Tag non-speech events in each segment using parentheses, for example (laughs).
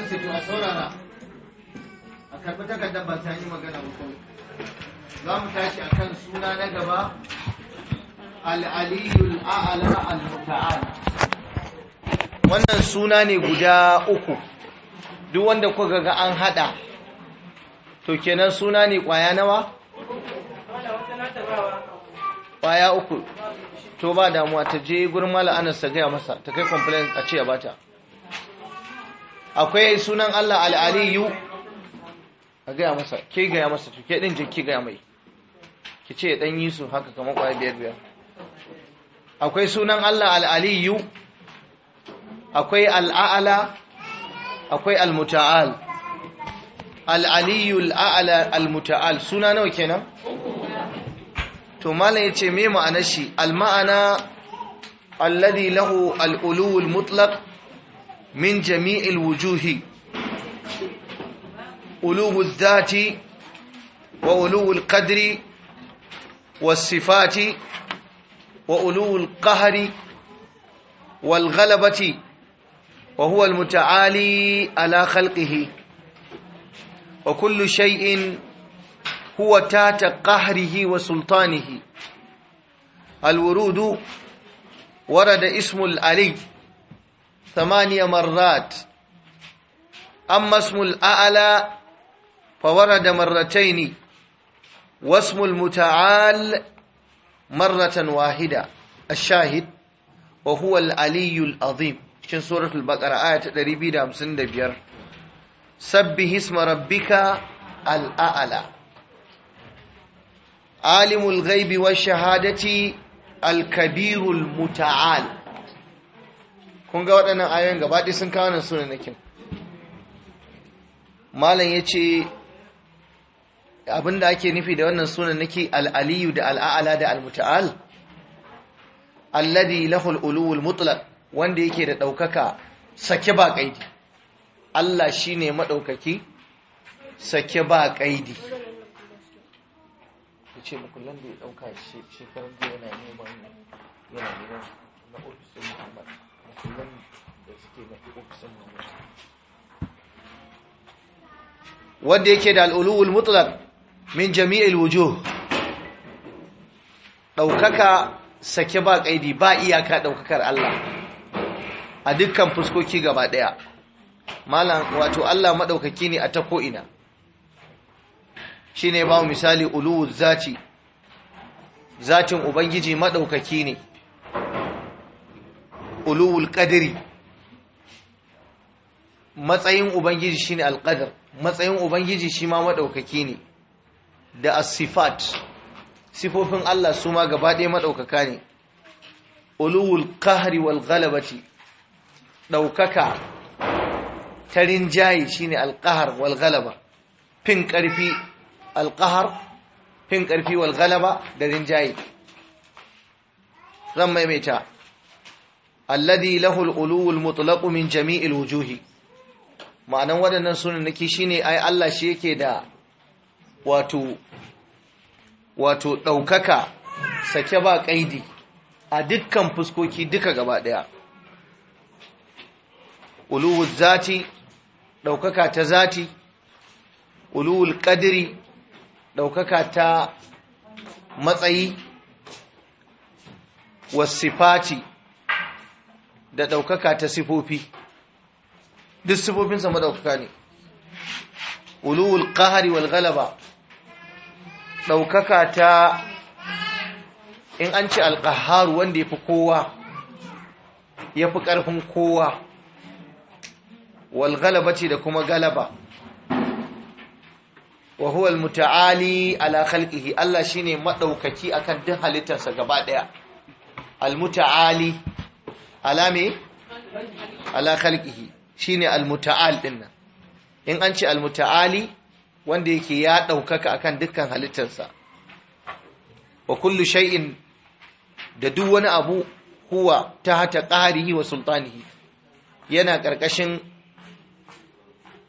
an ce to a saurara a karɓi takardar ba ta yi magana ba ko za mu tashi a kan suna na gaba al'aliyul a'ala al mutaala wannan suna ne guda uku duk wanda ku ga an hada to kenan suna ne kwaya nawa kwaya uku to ba damuwa ta je gurmala ana sagaya masa ta kai complaint a ce ya bata akwai sunan Allah al'aliyu a gaya masa ke gaya masa ɗin gaya mai ki ce ɗan yi su haka kamar biyar biyar akwai sunan Allah al'aliyu akwai al'a'ala akwai al-muta'al al'aliyu al'a'ala al-muta'al suna nawa kenan to malam ya ce me ma'ana shi al-ma'ana alladhi lahu al-ulul mutlaq من جميع الوجوه ألو الذات وألو القدر والصفات وألو القهر والغلبة وهو المتعالي على خلقه وكل شيء هو تات قهره وسلطانه الورود ورد اسم العلي ثمانية مرات أما اسم الأعلى فورد مرتين واسم المتعال مرة واحدة الشاهد وهو العلي العظيم شن سورة البقرة آية تقريبية دامسن دبير سبه اسم ربك الأعلى عالم الغيب والشهادة الكبير المتعال kun ga waɗannan ayoyin gaba sun kawo nan sunan nakin malam ya ce abinda ake nufi da wannan sunan naki al'aliyu da al'a'ala da Al-Muta'al? alladi lahul uluwul mutlar wanda yake da ɗaukaka sake ba ƙaidi Allah shi ne maɗaukaki sake ba ƙaidi ya ce makullan da ya ɗauka shekarar da yana neman yana neman na ofisun Muhammad. kullum da suke wanda yake da al’ulul mutlak min jami'il wujo ɗaukaka sake ba ƙaidi ba iyaka ɗaukakar Allah a dukkan fuskoki gaba ɗaya malam wato Allah maɗaukaki ne a ta ko'ina shi ne ba misali ulu zaci zatin ubangiji maɗaukaki ne uluwul qadri matsayin ubangiji shine alqadar matsayin ubangiji shi ma madaukaki ne da as-sifat sifofin Allah su ma gaba ɗaya madaukaka ne uluwul qahri wal ghalabati daukaka tarin jayi shine alqahar wal ghalaba fin ƙarfi alqahar fin ƙarfi wal ghalaba da rinjayi zan maimaita alladhi lahu al-uluwul mutlaq min jami'il wujuhi ma'anan waɗannan sunanaki shine ai Allah shi yake da wato wato ɗaukaka sake ba kaidi a dukkan fuskoki duka gaba ɗaya uluwul zati ɗaukaka ta zati uluwul ƙadiri ɗaukaka ta matsayi wasifati da ɗaukaka ta sifofi duk sifofinsa madaukaka ne uluwul ƙahari wal galaba ɗaukaka ta in an ce alƙaharu wanda ya fi kowa ya fi ƙarfin kowa wal galaba ce da kuma galaba wa huwa muta'ali ala khalqihi Allah shine madaukaki akan duk halittarsa gaba daya muta'ali ala ala khalqihi shine almuta'al dinna in an ce almuta'ali wanda yake ya daukaka akan dukkan halittarsa wa kullu shay'in da duk wani abu huwa tahta qahrihi wa sultanihi yana karkashin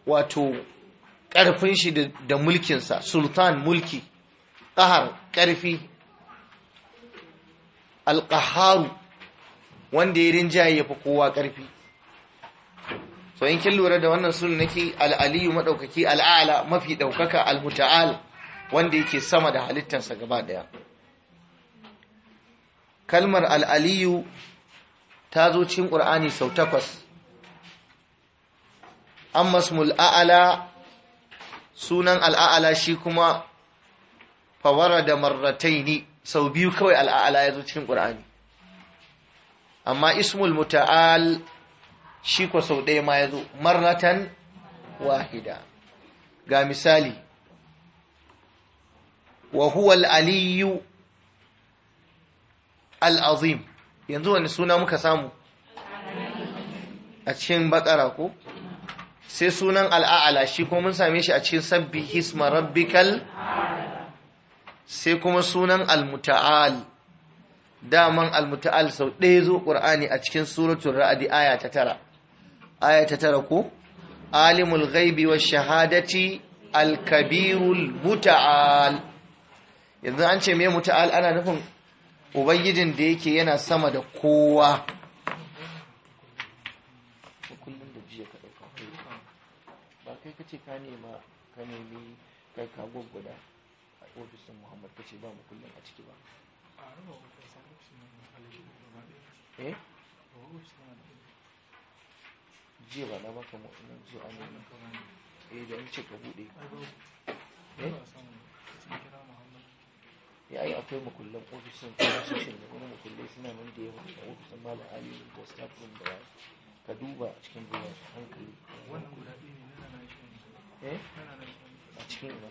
wato karfin shi da mulkinsa sultan mulki qahar karfi alqaharu wanda ya rinjaye ya fi kowa ƙarfi so in kin lura da wannan sunan nake al'aliyu maɗaukaki al'ala mafi ɗaukaka al-muta'al wanda yake sama da halittarsa gaba ɗaya kalmar al'aliyu ta zo cikin ƙur'ani sau takwas amma a'ala sunan al'a'ala shi kuma fawara da marrataini sau biyu kawai al'a'ala ya zo cikin ƙur'ani amma ismul muta'al shi ko sau ɗaya ma ya zo marratan wahida ga misali wa huwa al’aliyu aliyu yanzu wani suna muka samu a cikin bakara ko sai sunan al'a'ala shi kuma mun same shi a cikin sabbi hisma rabbikal sai kuma sunan al-muta'al daman almuta'al sau ɗaya zo ƙur'ani a cikin suratun ra'adi aya ta tara aya ta tara ko alimul ghaibi wa shahadati alkabirul muta'al yanzu an ce me muta'al ana nufin ubangijin da yake yana sama da kowa ka nemi kai a muhammadu muhammad kace ba mu kullum a ciki ba eh jiya ba na maka mu'ina jiya an nuna eh da ce ka bude eh ya yi akwai makullan ofishin ofishin da kuma makullai suna nan da yawa a ofishin malam ali da ko staff room da ka duba cikin gudu hankali eh a cikin ina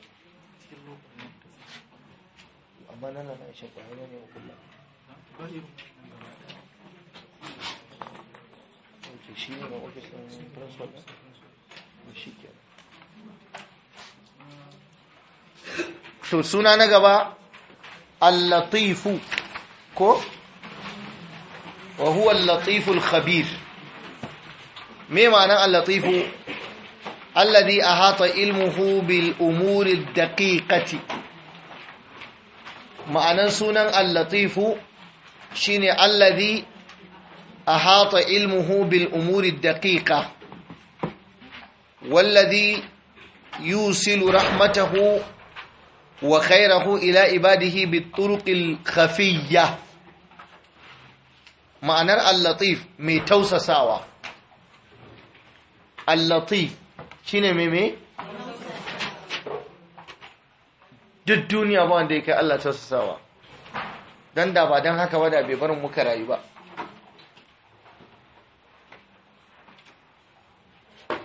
amma nan nan shi ba ne makullan to suna na gaba allatifu ko wa latiful al khabir me ma'anar al-latifu a ahata ilmuhu bil umuri daƙiƙati. daqiqati ma'anar sunan allatifu latifu shine alladhi أحاط علمه بالأمور الدقيقة والذي يوصل رحمته وخيره إلى عباده بالطرق الخفية معنى اللطيف مي توسى ساوى اللطيف شنو ميمي duk duniya ba wanda yake Allah tausasawa dan da ba dan haka wada bai barin muka rayu ba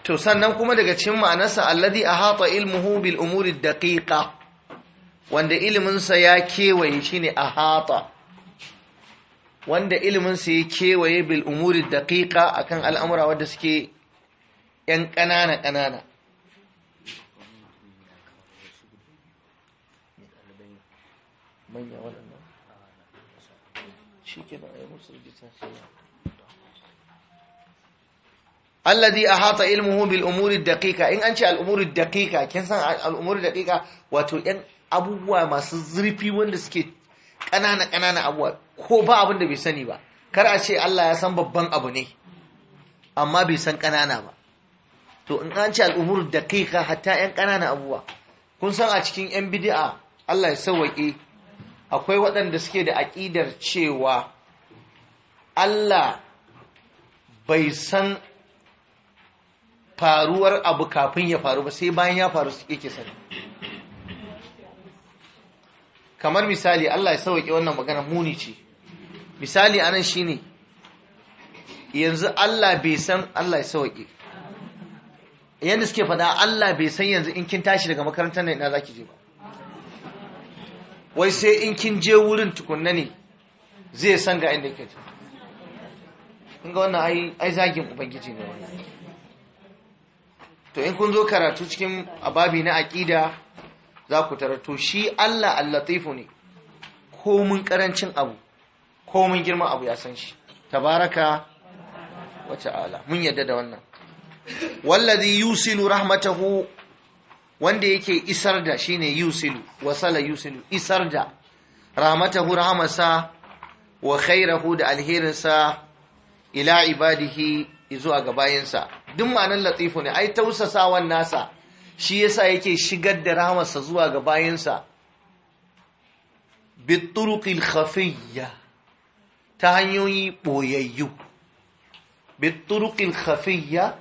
to sannan kuma daga cikin ma'anarsa alladhi ahata ilmuhu bil umuri daqiqa wanda iliminsa ya kewaye shine ahata wanda iliminsa ya kewaye bil umuri daqiqa akan al'amura wanda suke yan ƙanana ƙanana manya waɗannan shi ke ba a yi musu rigitar alladhi ahata ilmuhu bil umuri daqiqa in an ce al umuri daqiqa kin san al umuri daqiqa wato yan abubuwa masu zurfi wanda suke ƙanana ƙanana abubuwa ko ba abin da bai sani ba kar a ce Allah ya san babban abu ne amma bai san ƙanana ba to in an ce al umuri daqiqa hatta yan ƙanana abubuwa kun san a cikin yan bid'a Allah ya sauke akwai waɗanda suke da aƙidar cewa Allah bai san faruwar abu kafin ya faru ba sai bayan ya faru yake sani kamar misali Allah ya sauke wannan magana muni ce misali anan shine yanzu Allah bai san Allah ya sauke yadda suke faɗa Allah bai san yanzu in kin tashi daga makarantar nan ina zaki je ba wai sai in kin je wurin tukunna ne zai san ga inda kake in ga wannan ai zagin ubangiji ne wannan to in kun zo karatu cikin ababi na aƙida za ku To shi Allah allatifu ne komin karancin abu komin girma abu ya san shi tabaraka wa ta'ala mun yadda da wannan wallazi yusilu rahmatahu wanda yake isar da shine yusilu wasala yusilu isar da rahmatahu rahmasa wa khairahu da alherinsa ila ibadihi izuwa ga bayinsa duk ma'anin latifu ne ai tausasawan nasa shi yasa yake shigar da rahamarsa zuwa ga bayansa bituruqil khafiyya ta hanyoyi boyayyu bituruqil khafiyya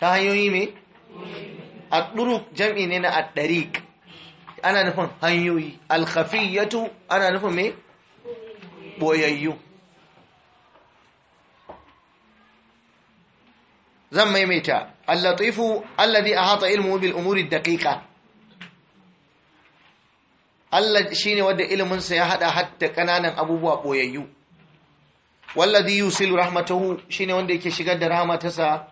ta hanyoyi me A turuq jam'i ne na addariq ana nufin hanyoyi al-khafiyyatu ana nufin me boyayyu zan maimaita allatifu alladhi ahata ilmuhu bil umuri daqiqa Allah shine wanda ilimin sa ya hada hatta kananan abubuwa boyayyu walladhi yusilu rahmatahu shine wanda yake shigar da rahmatarsa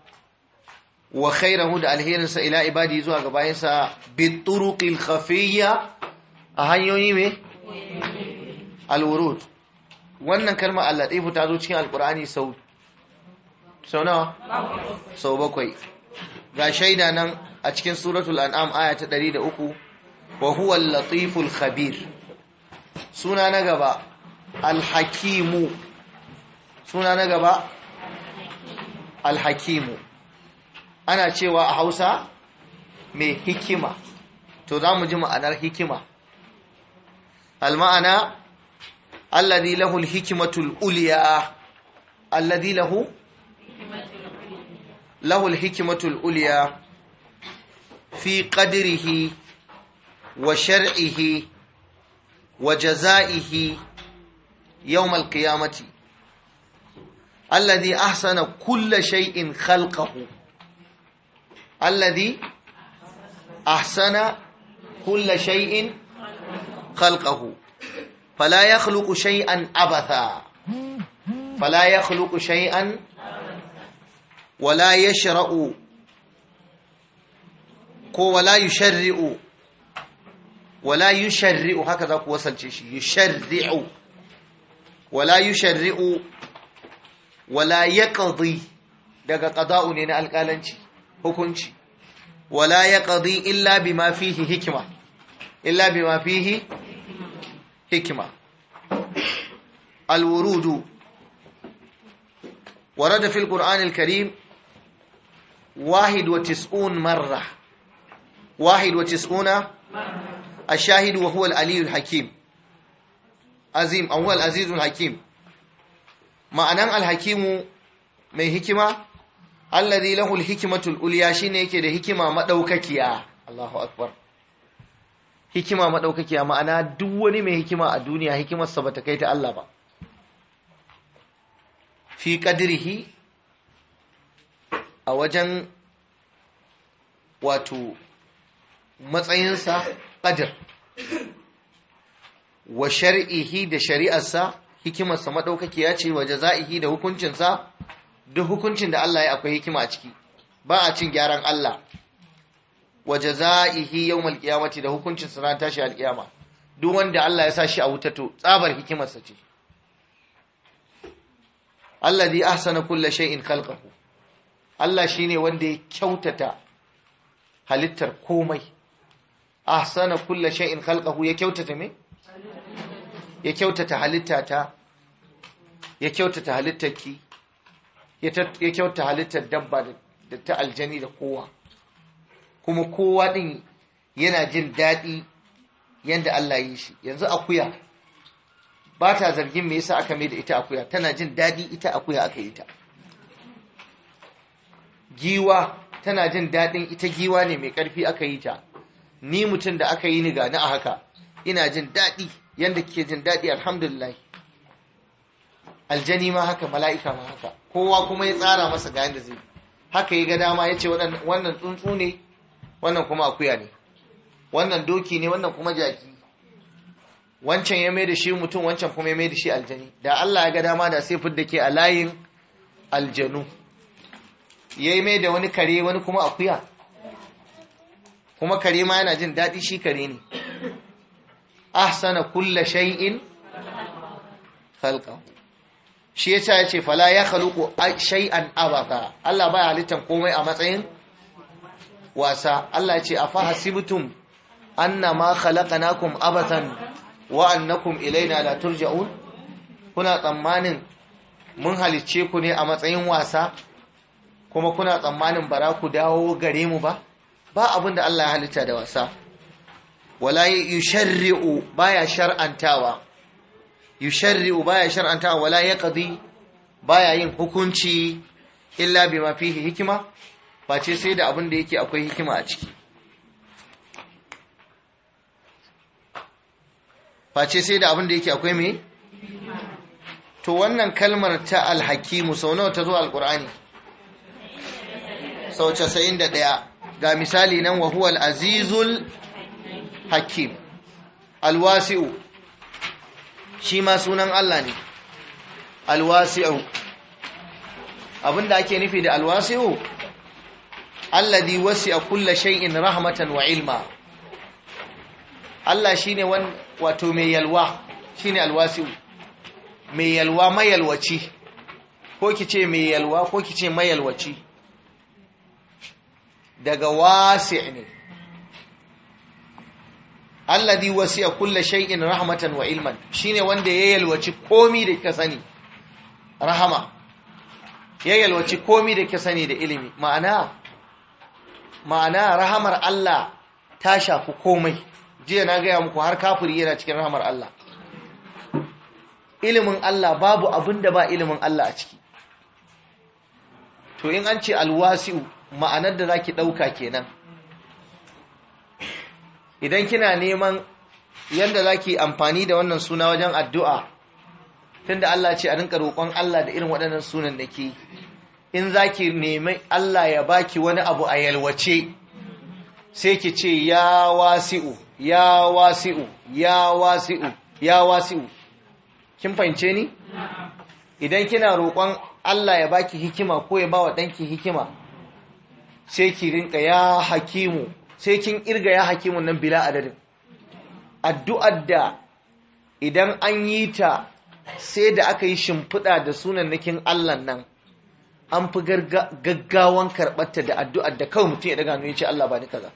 wa khairahu da alherin sa ila ibadi zuwa ga bayansa bit turuqil khafiyya a hanyoyi me alwurud wannan kalmar allatifu ta zo cikin alqur'ani sau sau nawa sau bakwai ga shaida nan a cikin suratul an'am aya ta 103 wa huwa al-latiful khabir suna na gaba al-hakimu suna na gaba al-hakimu ana cewa a Hausa mai hikima to za mu ji ma'anar hikima al-ma'ana alladhi lahu al-hikmatu alladhi lahu lahul hikimatul uliya fi qadrihi wa shar'ihi wa jaza'ihi yawm al-qiyamati alladhi ahsana kulla shay'in khalqahu alladhi ahsana kulla shay'in khalqahu fala yakhluqu shay'an abatha fala yakhluqu shay'an wala yashra'u ko wala yusharri'u wala yusharri'u haka za ku wasalce shi yusharri'u wala yusharri'u wala daga qada'u ne na alƙalanci hukunci wala yaqdi illa bima fihi hikma illa bima fihi hikma alwurudu warada في القرآن الكريم واحد وتسعون مرة واحد وتسعون الشاهد وهو العلي الحكيم عظيم أو هو العزيز الحكيم معنى الحكيم من هكمة الذي له الحكمة الأوليا شيني يكي ده هكمة مدوككيا الله أكبر hikima maɗaukakiya ma'ana duk wani mai hikima a duniya hikimarsa ba ta kai ta Allah ba fi ƙadirhi a wajen wato matsayinsa ƙadir wa shari'ihi da shari'arsa hikimarsa maɗaukakiya ce waje za'ihi da hukuncinsa duk hukuncin da Allah ya akwai hikima a ciki ba a cin gyaran Allah waje jaza'ihi yawmal qiyamati da hukuncin na tashi alkiyama duk wanda Allah ya sa shi a wuta to tsabar hikimarsa ce Allah zai ahsana kulla shay'in khalqahu Allah shi ne wanda ya kyautata halittar komai a sana kulla sha’in halƙahu ya kyautata me ya kyautata ta ya kyautata ki ya kyautata halittar dabba da ta aljani da kowa kuma kowa din yana jin daɗi yadda Allah yi shi yanzu akuya ba ta zargin me yasa aka mai da ita akuya tana jin daɗi ita akuya aka yi ta giwa tana jin daɗin ita giwa ne mai ƙarfi aka yi ta ni mutum da aka yi ni gani a haka ina jin daɗi yadda ke jin daɗi alhamdulillah aljani ma haka mala'ika ma haka kowa kuma ya tsara masa ga yadda zai haka ya ga dama ya ce wannan tsuntsu ne wannan kuma akuya ne wannan doki ne wannan kuma jaki wancan ya mai da shi mutum wancan kuma ya mai da shi aljani da Allah ya ga dama da sai da ke a layin aljanu ya yi mai da wani kare wani kuma akuya kuma kare ma yana jin daɗi shi kare ne ahsana kulla shay'in khalqa shi yasa yace fala ya khaluqu shay'an abata Allah baya halittar komai a matsayin wasa Allah yace afa hasibtum annama khalaqnakum abatan wa annakum ilaina la turja'un kuna tsammanin mun halicce ku ne a matsayin wasa kuma kuna tsammanin bara ku dawo gare mu ba ba abin da Allah ya halitta da wasa wala yusharri'u baya shar'antawa yusharri'u baya shar'antawa wala yaqdi baya yin hukunci illa bima fihi hikima face sai da abin da yake akwai hikima a ciki face sai da abin da yake akwai me to wannan kalmar ta alhakimu sau nawa ta zo alqur'ani sau 91 ga misali nan wa huwa al’azizul hakim alwasi'u shi ma sunan Allah ne alwasi'u abinda ake nufi da alwasi'u wasi a kulla shay'in rahmatan wa ilma Allah shi ne wato mai yalwa shi ne alwasi'u mai yalwa mayalwaci ko ko ce mai yalwa ko ki ce mayalwaci daga wasi ne alladhi wasi'a kulle shay'in rahmatan wa ilman shine wanda ya yalwaci komi da ka sani rahama ya yalwaci komi da ka sani da ilimi ma'ana ma'ana rahamar Allah ta shafi komai jiya na gaya muku har kafiri yana cikin rahamar Allah ilimin Allah babu abin da ba ilimin Allah a ciki to in an ce alwasi'u ma'anar da za ki ɗauka kenan idan kina neman yadda za zaki amfani da wannan suna wajen addu'a tun da Allah ce a rinka roƙon Allah da irin waɗannan sunan da ke in za ki nemi Allah ya baki wani abu a yalwace sai ki ce ya wasi'u ya wasi'u ya wasi'u ya wasi'u kin fahimce ni idan kina roƙon Allah ya baki hikima ko ya bawa ɗanki hikima sai ki rinka ya hakimu sai kin irga ya hakimu nan bila adadin addu'ar da idan an yi ta sai da aka yi shimfiɗa da sunan nakin Allah nan an fi gaggawan karɓarta da addu'ar da kawai mutum ya daga hannu ya ce Allah ba ni kaza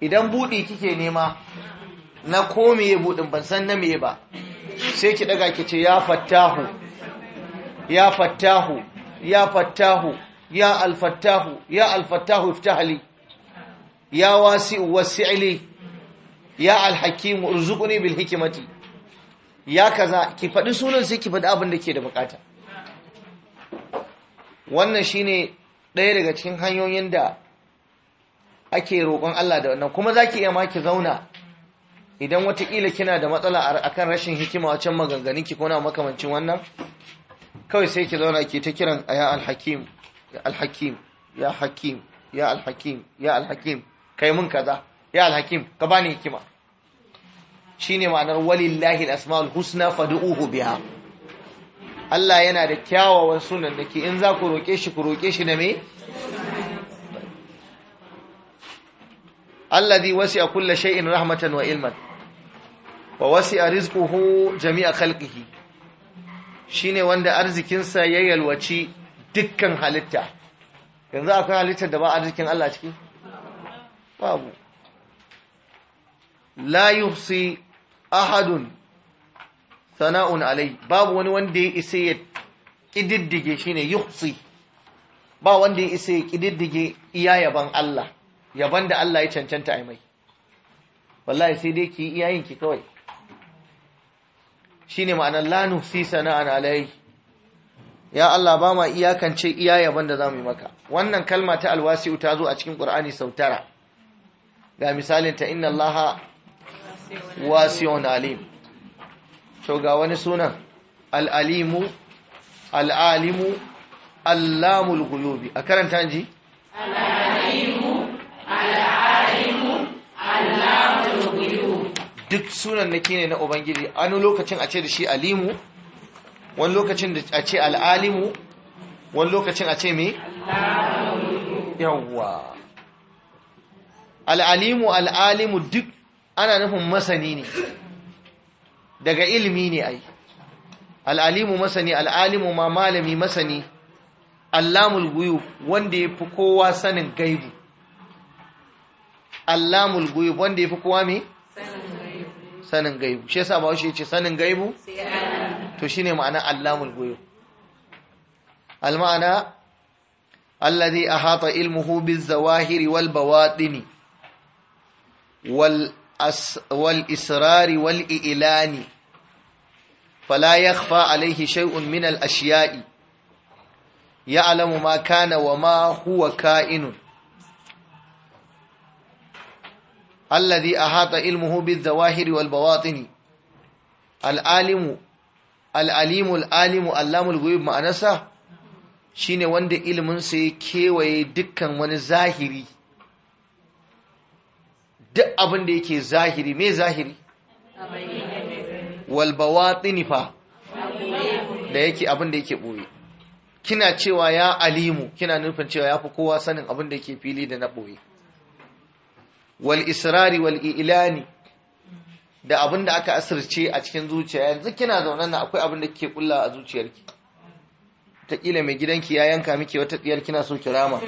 idan buɗi kike nema na ko ya buɗin ban san na meye ba sai ki daga ki ce ya fattahu ya fattahu ya fattahu ya alfattahu ya alfattahu iftahli ya wasi'u wasi'li ya alhakimu urzuqni bil hikmati ya kaza ki faɗi sunan sai ki faɗi abin da ke da bukata wannan shine ɗaya daga cikin hanyoyin da ake roƙon Allah da wannan kuma zaki iya ma ki zauna idan watakila kina da matsala akan rashin hikima a can ki, ko na makamancin wannan kawai sai ki zauna ki ta kiran ayya alhakim ya alhakim ya hakim ya alhakim ya alhakim kai mun kaza ya alhakim ka bani hikima shine ma'anar walillahi al-asmaul husna fad'uhu biha Allah yana da kyawawan sunan dake, in za ku roƙe shi ku roƙe shi da me alladhi wasi'a kulla shay'in rahmatan wa ilman wa wasi'a rizquhu jami'a khalqihi shine wanda arzikinsa ya yalwaci dukkan halitta yanzu akwai halittar da ba jikin Allah ciki babu la yuhsi ahadun sana'un alai babu wani wanda ya isa ya kididdige shine yuhsi ba wanda ya isa ya kididdige iya yaban Allah yaban da Allah ya cancanta ai mai wallahi sai dai ki iyayen ki kawai shine ma'anar la nuhsi sana'an alai ya Allah ba ma iyakance iya yaban da mu yi maka wannan kalma ta alwasi'u ta zo a cikin Qur'ani sau tara ga misalin ta inna Allaha wasi'un alim to ga wani sunan al-alimu al-alimu allamul ghuyubi a karanta ji al-alimu allamul ghuyub duk sunan nake ne na ubangiji anu lokacin a ce da shi alimu wani lokacin da a ce al'alimu wani lokacin a ce me? yawwa al'alimu al'alimu duk ana nufin masani ne daga ilimi ne ai al'alimu masani al'alimu ma malami masani allamul guyu wanda ya fi kowa sanin gaibu allamul guyu wanda ya fi kowa me? sanin gaibu shi yasa ba shi ce sanin gaibu? sai to shi ne ma'ana allamul goyo alma'ana allazi a hafa ilmuhu bizawahiri wal bawaɗini wal israri wal ilani fala ya fa alaihi shai'un min al'ashiya'i ya alamu ma kana wa ma huwa ka'inun allazi a hata ilmuhu bizawahiri wal bawaɗini al'alimu al'alimul alimu allamul guyub ma'anarsa ne wanda iliminsa ya kewaye dukkan wani zahiri duk abin da yake zahiri me zahiri walbawa tsinifa da yake abin da yake ɓoye kina cewa ya alimu kina nufin cewa ya fi kowa sanin abin da yake fili da na ɓoye wal israri wal ilani da abin da aka asirce a cikin zuciya yanzu kina zaune na akwai abin da kike kulla a zuciyarki taƙila mai gidanki ya yanka miki wata tsiyar kina so kirama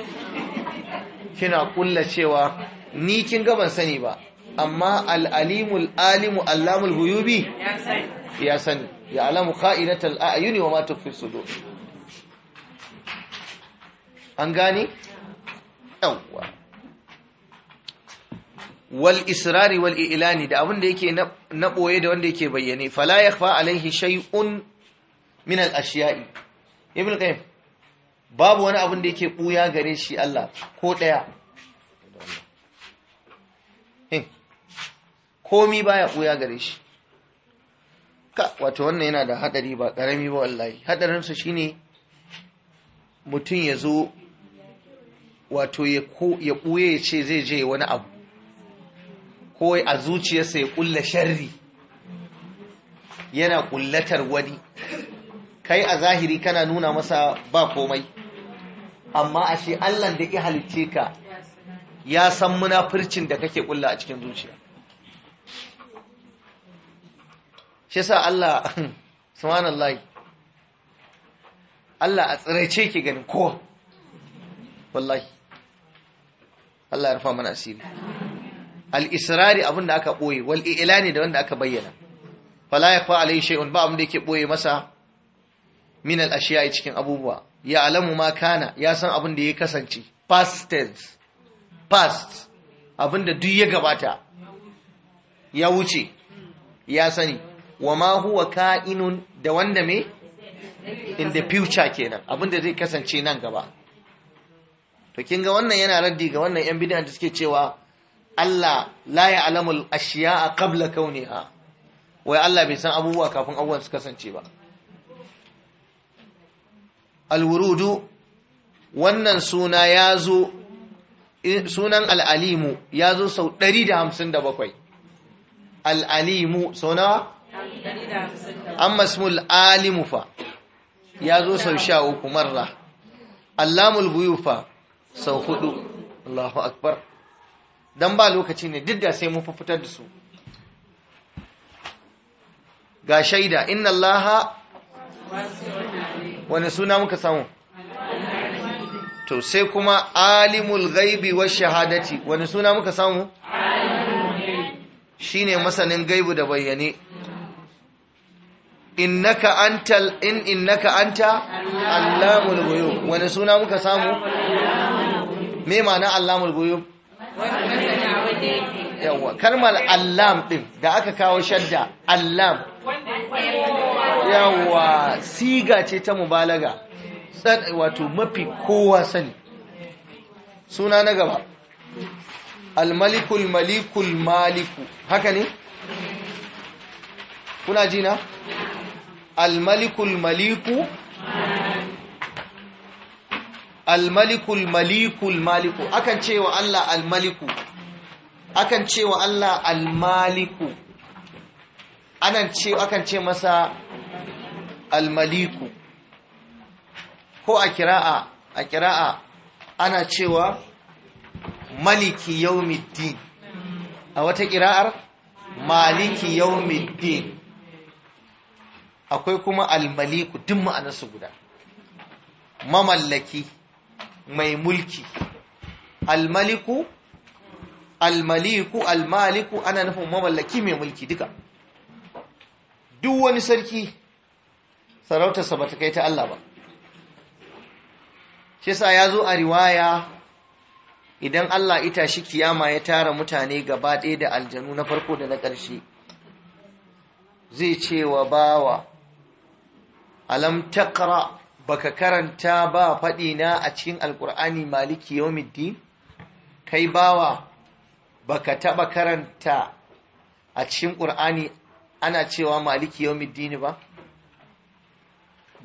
kina kulla cewa ni kin ga ban sani ba amma al'alimul alimu allamul huyubi ya sani ya alamu ka'inatal a'yuni wa ma tufi sudur an gani? yawwa wal israri wal ilani da abin da yake na boye da wanda yake bayyane fala yakhfa alaihi shay'un min al ashiya'i ibn qayyim babu wani abin da yake buya gare shi Allah ko daya komi baya buya gare shi ka wato wannan yana da hadari ba karami ba wallahi hadarin sa shine mutum ya zo wato ya buye ya ce zai je wani abu ko a zuciyarsa ya kulla sharri yana kullatar wani kai a zahiri kana nuna masa ba komai amma ashe Allah da ya halitce ka ya san munafircin da kake kulla a cikin zuciya shi sa Allah (laughs) subhanallahi Allah a tsirace ki ganin kowa wallahi Allah ya rufa mana asiri al-israri abin da aka boye wal’i’ila ne da wanda aka bayyana fala yakfa alai shay'un ba abin da yake ɓoye masa min al a cikin abubuwa ya alamu ma kana ya san abin da ya kasance past tense past abin da duk ya gabata ya wuce ya sani wa ma huwa ka'inun da wanda me in the future kenan abin da zai kasance nan gaba to kin ga wannan yana raddi ga wannan yan bidan da suke cewa Allah la ya alamul ashiya a kabla kauniha wai Allah bai san abubuwa kafin abubuwan su kasance ba alwurudu wannan suna ya zo sunan al'alimu ya zo sau 157 al'alimu sau nawa? An smul alimu fa ya zo sau sha uku marra allamul buyu fa sau hudu Allahu akbar don ba lokaci ne duk da sai mu fitar da su ga shaida inna allaha wani suna muka samu to sai kuma alimul gaibi wa shahadati wani suna muka samu shine masanin gaibu da bayyane innaka in innaka anta allamul ghuyub wani suna muka samu me ma'ana allamul ghuyub Yawwa, kalmar allam ɗin da aka kawo shadda allam Yawwa, siga ce ta mubalaga wato mafi kowa sani suna na gaba almalikul malikul maliku haka ne kuna jina almalikul maliku almalikul malikul maliku akan cewa Allah almaliku akan cewa Allah almaliku anan ce akan ce masa almaliku ko a kira'a a kira'a ana cewa maliki yawmiddin a wata kira'ar maliki yawmiddin akwai kuma almaliku duk ma'anarsu guda mamallaki mai mulki almaliku almaliku almaliku ana nufin mamallaki mai mulki duka duk wani sarki sarautarsa ba ta kai ta Allah ba shi sa ya zo a riwaya idan Allah ita shi kiyama ya tara mutane gaba ɗaya da aljanu na farko da na ƙarshe zai ce wa bawa alam taqra baka karanta ba faɗi na a cikin Alƙur'ani maliki yawmiddin kai bawa baka taɓa karanta a cikin ƙur'ani ana cewa maliki yawmiddin ba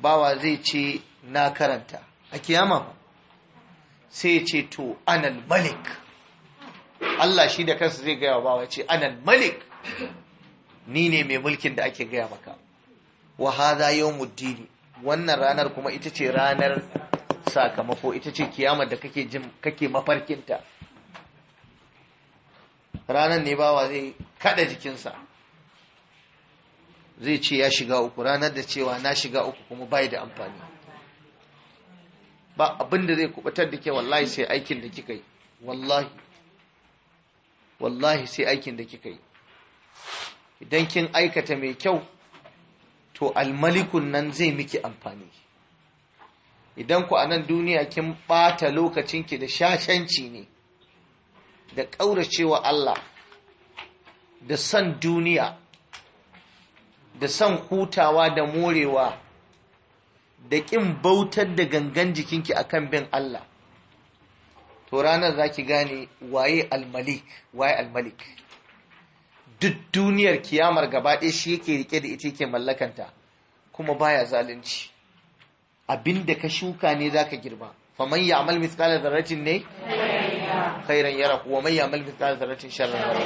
bawa zai ce na karanta a kiyama sai ce to anal malik Allah shi da kansa zai gaya bawa ce anal malik ni ne mai mulkin da ake gaya maka wa hadha yawmuddin wannan ranar kuma ita ce ranar sakamako ita ce kiyamar da kake jin kake mafarkinta ranar ne bawa zai kada jikinsa zai ce ya shiga uku ranar da cewa na shiga uku kuma bai da amfani ba abin zai kubutar da ke wallahi sai aikin da kika yi wallahi wallahi sai aikin da kika yi idan kin aikata mai kyau to almalikun nan zai miki amfani idan ku a nan duniya kin ɓata ki da shashanci ne da ƙauracewa Allah da san duniya da san hutawa da morewa da ƙin bautar da gangan jikinki akan bin Allah to ranar za ki gane waye almalik waye almalik duk duniyar kiyamar gaba ɗaya shi yake rike da ita yake mallakanta kuma baya zalunci abinda ka shuka ne zaka girba faman ya'mal mithqala dharratin ne khairan yara wa man ya'mal mithqala dharratin sharran yara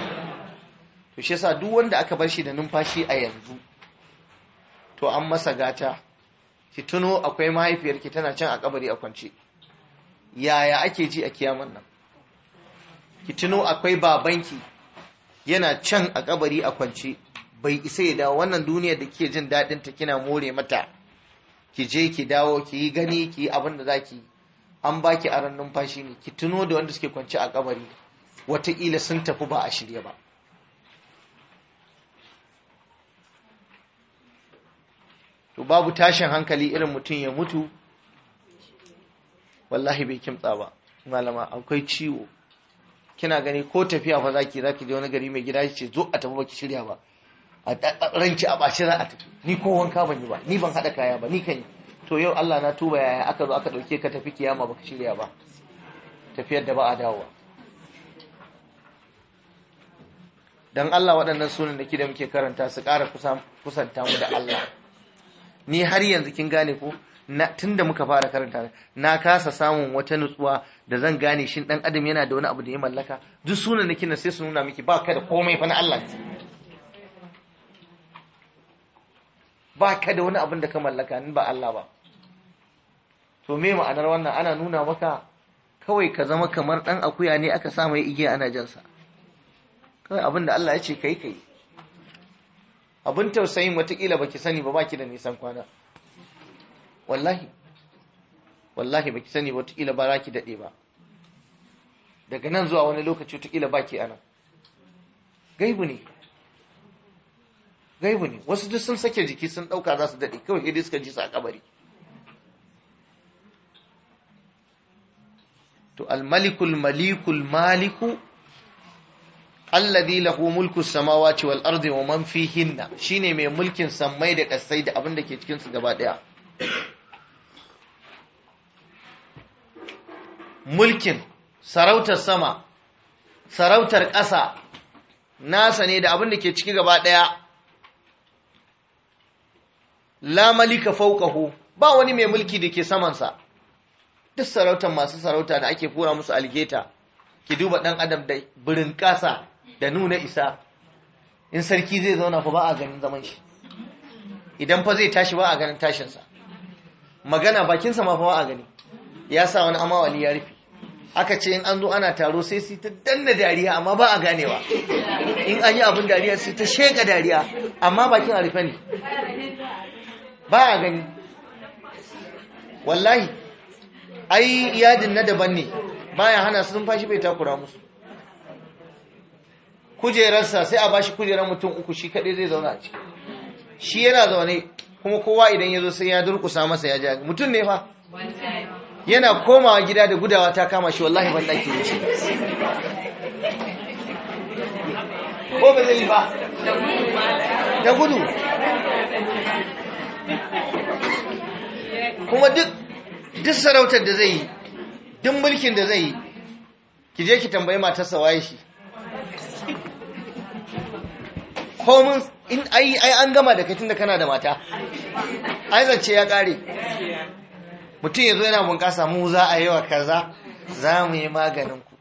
to shi yasa duk wanda aka bar shi da numfashi a yanzu to an masa gata ki tuno akwai mahaifiyarki tana can a kabari a kwance yaya ake ji a kiyaman nan ki tuno akwai babanki yana can a kabari a kwance bai isa ya dawo wannan duniyar da ke jin daɗin ta kina more mata ki je ki dawo ki yi gani ki yi abin da zaki an baki aran numfashi ne ki tuno da wanda suke kwance a kabari wataƙila sun tafi ba a shirya ba to babu tashin hankali irin mutum ya mutu wallahi bai kimtsa ba malama akwai ciwo kina gani ko tafiya fa zaki zaki je wani gari mai gida ce zo a tafi baki shirya ba a ranci a bashi za a tafi ni ko wanka ban yi ba ni ban hada kaya ba ni kan yi to yau Allah na tuba yaya aka zo aka dauke ka tafi kiyama baka shirya ba tafiyar da ba a dawowa dan Allah waɗannan sunan da da muke karanta su ƙara kusanta mu da Allah ni har yanzu kin gane ko tunda muka fara karanta na kasa samun wata nutsuwa da zan gane shin dan adam yana da wani abu da ya mallaka duk sunan nake na sai su nuna miki ba ka da komai fa na Allah ba ka da wani abin da ka mallaka ni ba Allah ba to me ma'anar wannan ana nuna maka kawai ka zama kamar dan akuya ne aka sa mai igiya ana jansa kawai abin da Allah ya ce kai kai abin tausayin watakila baki sani ba baki da nisan kwana wallahi wallahi baki sani ba tukila ba za ki daɗe ba daga nan zuwa wani lokaci tukila ba ki ana gaibu ne gaibu ne wasu duk sun sake jiki sun ɗauka za su daɗe kawai idai suka ji su a kabari to almalikul malikul maliku alladhi lahu mulku samawati wal ardi wa man fihinna shine mai mulkin samai da kasai da abin da ke cikin su gaba daya mulkin sarautar sama sarautar ƙasa nasa ne da abin da ke ciki gaba ɗaya la malika ba wani mai mulki da ke samansa duk sarautar masu sarauta da ake kura musu algeta ki duba ɗan adam da birin ƙasa da nuna isa in sarki zai zauna fa ba a ganin zaman shi idan fa zai tashi ba a ganin tashinsa magana bakinsa ma fa ba a gani ya sa wani amawali ya rufe aka ce in an zo ana taro sai su ta danna dariya amma ba a ganewa in an yi abin dariya sai ta sheka dariya amma bakin a rufe ne ba a gani wallahi ai yadin na daban ne baya hana su shi bai takura musu kujerarsa sai a bashi kujerar mutum uku shi kaɗai zai zauna a ciki shi yana zaune kuma kowa idan ya zo sai ya durkusa masa ya ja mutum ne fa yana komawa gida da gudawa ta kama shi wallahi ban daki ne ce ko ba zai ba da gudu kuma duk duk sarautar da zai yi duk mulkin da zai yi ki je ki tambayi matarsa waye shi komun in ai an gama da kai tunda kana da mata ai zance ya kare mutum ya zo yana bunƙasa mu za a yi wa kaza za mu yi maganin ku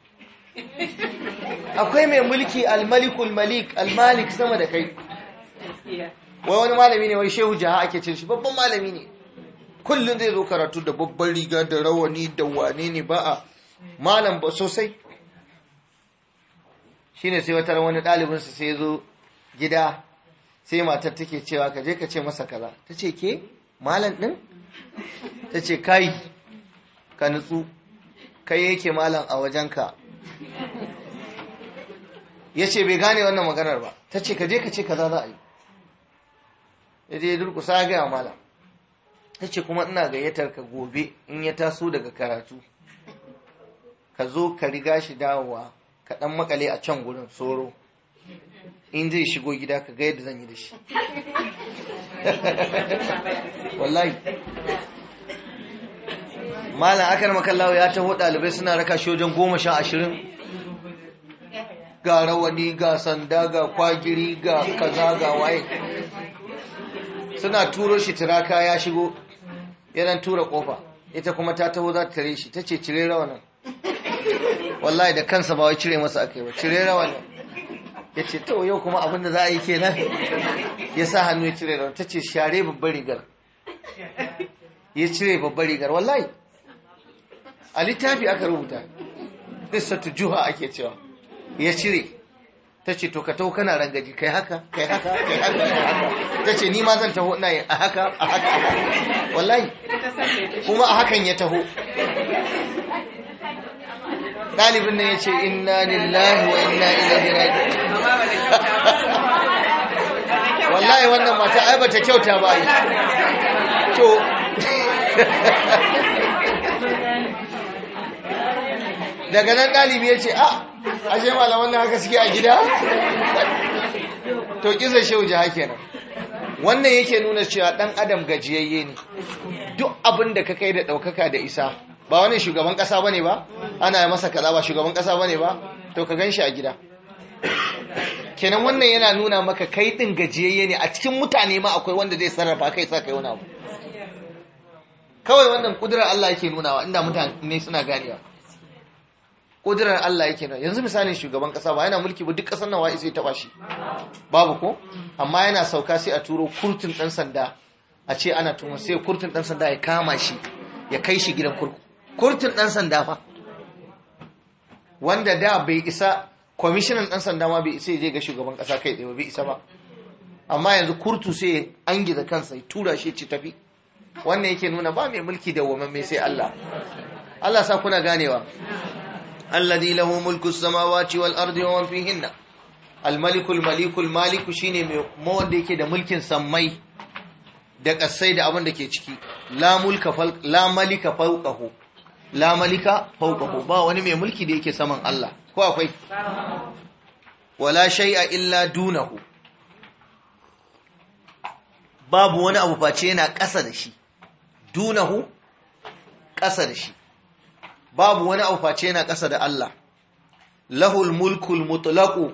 akwai mai mulki almalikul malik almalik sama da kai wai wani malami ne wai shehu jaha ake cin shi babban malami ne kullum zai zo karatu da babban riga da rawani da wane ne ba a malam ba sosai Shi ne sai wata wani ɗalibinsa sai zo gida sai matar take cewa ka je ka ce masa kaza ta ce ke malam ɗin ta ce kai ka nutsu kai yake malam a wajenka ya ce bai gane wannan maganar ba ta ce ka je ka ce ka za a yi ya je durkusa ya gaya malam ta ce kuma ina gayyatar ka gobe in ya taso daga karatu ka zo ka riga shi dawowa ka ɗan makale a can gudun tsoro in zai shigo gida ka ga yadda zan yi da shi (laughs) wallahi malam akan makallawa ya taho ɗalibai suna raka shi wajen goma sha ashirin ga rawani ga sanda ga kwagiri ga kaza ga waye suna turo shi turaka ya shigo yanan tura kofa ita kuma ta taho za ta tare shi ta ce cire rawanin wallahi da kansa ba wai cire masa aka yi ba cire rawanin ya ce to yau kuma abinda za a yi kenan ya sa hannu ya cire ta ce share babbar rigar ya cire babbar rigar wallahi a littafi aka rubuta ƙisattu juha ake cewa ya cire ta ce to ka tau kana rangaji kai haka kai haka kai haka kai haka ta ce ni ma zan taho na yin a haka a haka wallahi kuma a hakan ya taho ɗalibin ne ya ce ina lillahi wa ina ilaihi raji'un (laughs) wallahi wannan mata ai bata kyauta ba yi to (laughs) daga nan ɗalibi ya ce a ah, ashe malaman nan haka suke a gida to kisa shehu jiha kenan wannan yake nuna cewa ɗan adam gajiyayye ne duk abin da ka kai da ɗaukaka da isa ba wani shugaban kasa bane ba ana masa kaza ba shugaban kasa bane ba to ka ganshi a gida kenan wannan yana nuna maka kai din gajiyayye ne a cikin mutane ma akwai wanda zai sarrafa kai sa kai wani abu kawai wannan kudurar Allah yake nunawa inda mutane suna ganewa kudurar Allah yake nuna yanzu misalin shugaban kasa ba yana mulki ba duk kasar nan wai sai ta shi babu ko amma yana sauka sai a turo kurtun dan sanda a ce ana tuma sai kurtun dan sanda ya kama shi ya kai shi gidan kurkuku kurtin ɗan sanda fa wanda da bai isa kwamishinan ɗan sanda ma bai isa ya je ga shugaban ƙasa kai ɗaya bai isa ba amma yanzu kurtu sai an gida kansa ya tura shi ci tafi wannan yake nuna ba mai mulki da waman mai sai Allah Allah sa kuna ganewa alladhi lahu mulku samawati wal ardi wa man fihinna al malikul malikul maliku shine mai wanda yake da mulkin sammai da kasai da abin da ke ciki la mulka la malika fawqahu la malika fawqahu ba wani mai mulki da yake saman Allah ko akwai wala shay'a illa dunahu babu wani abu face yana ƙasa da shi dunahu ƙasa da shi babu wani abu face yana ƙasa da Allah lahul mulkul mutlaqu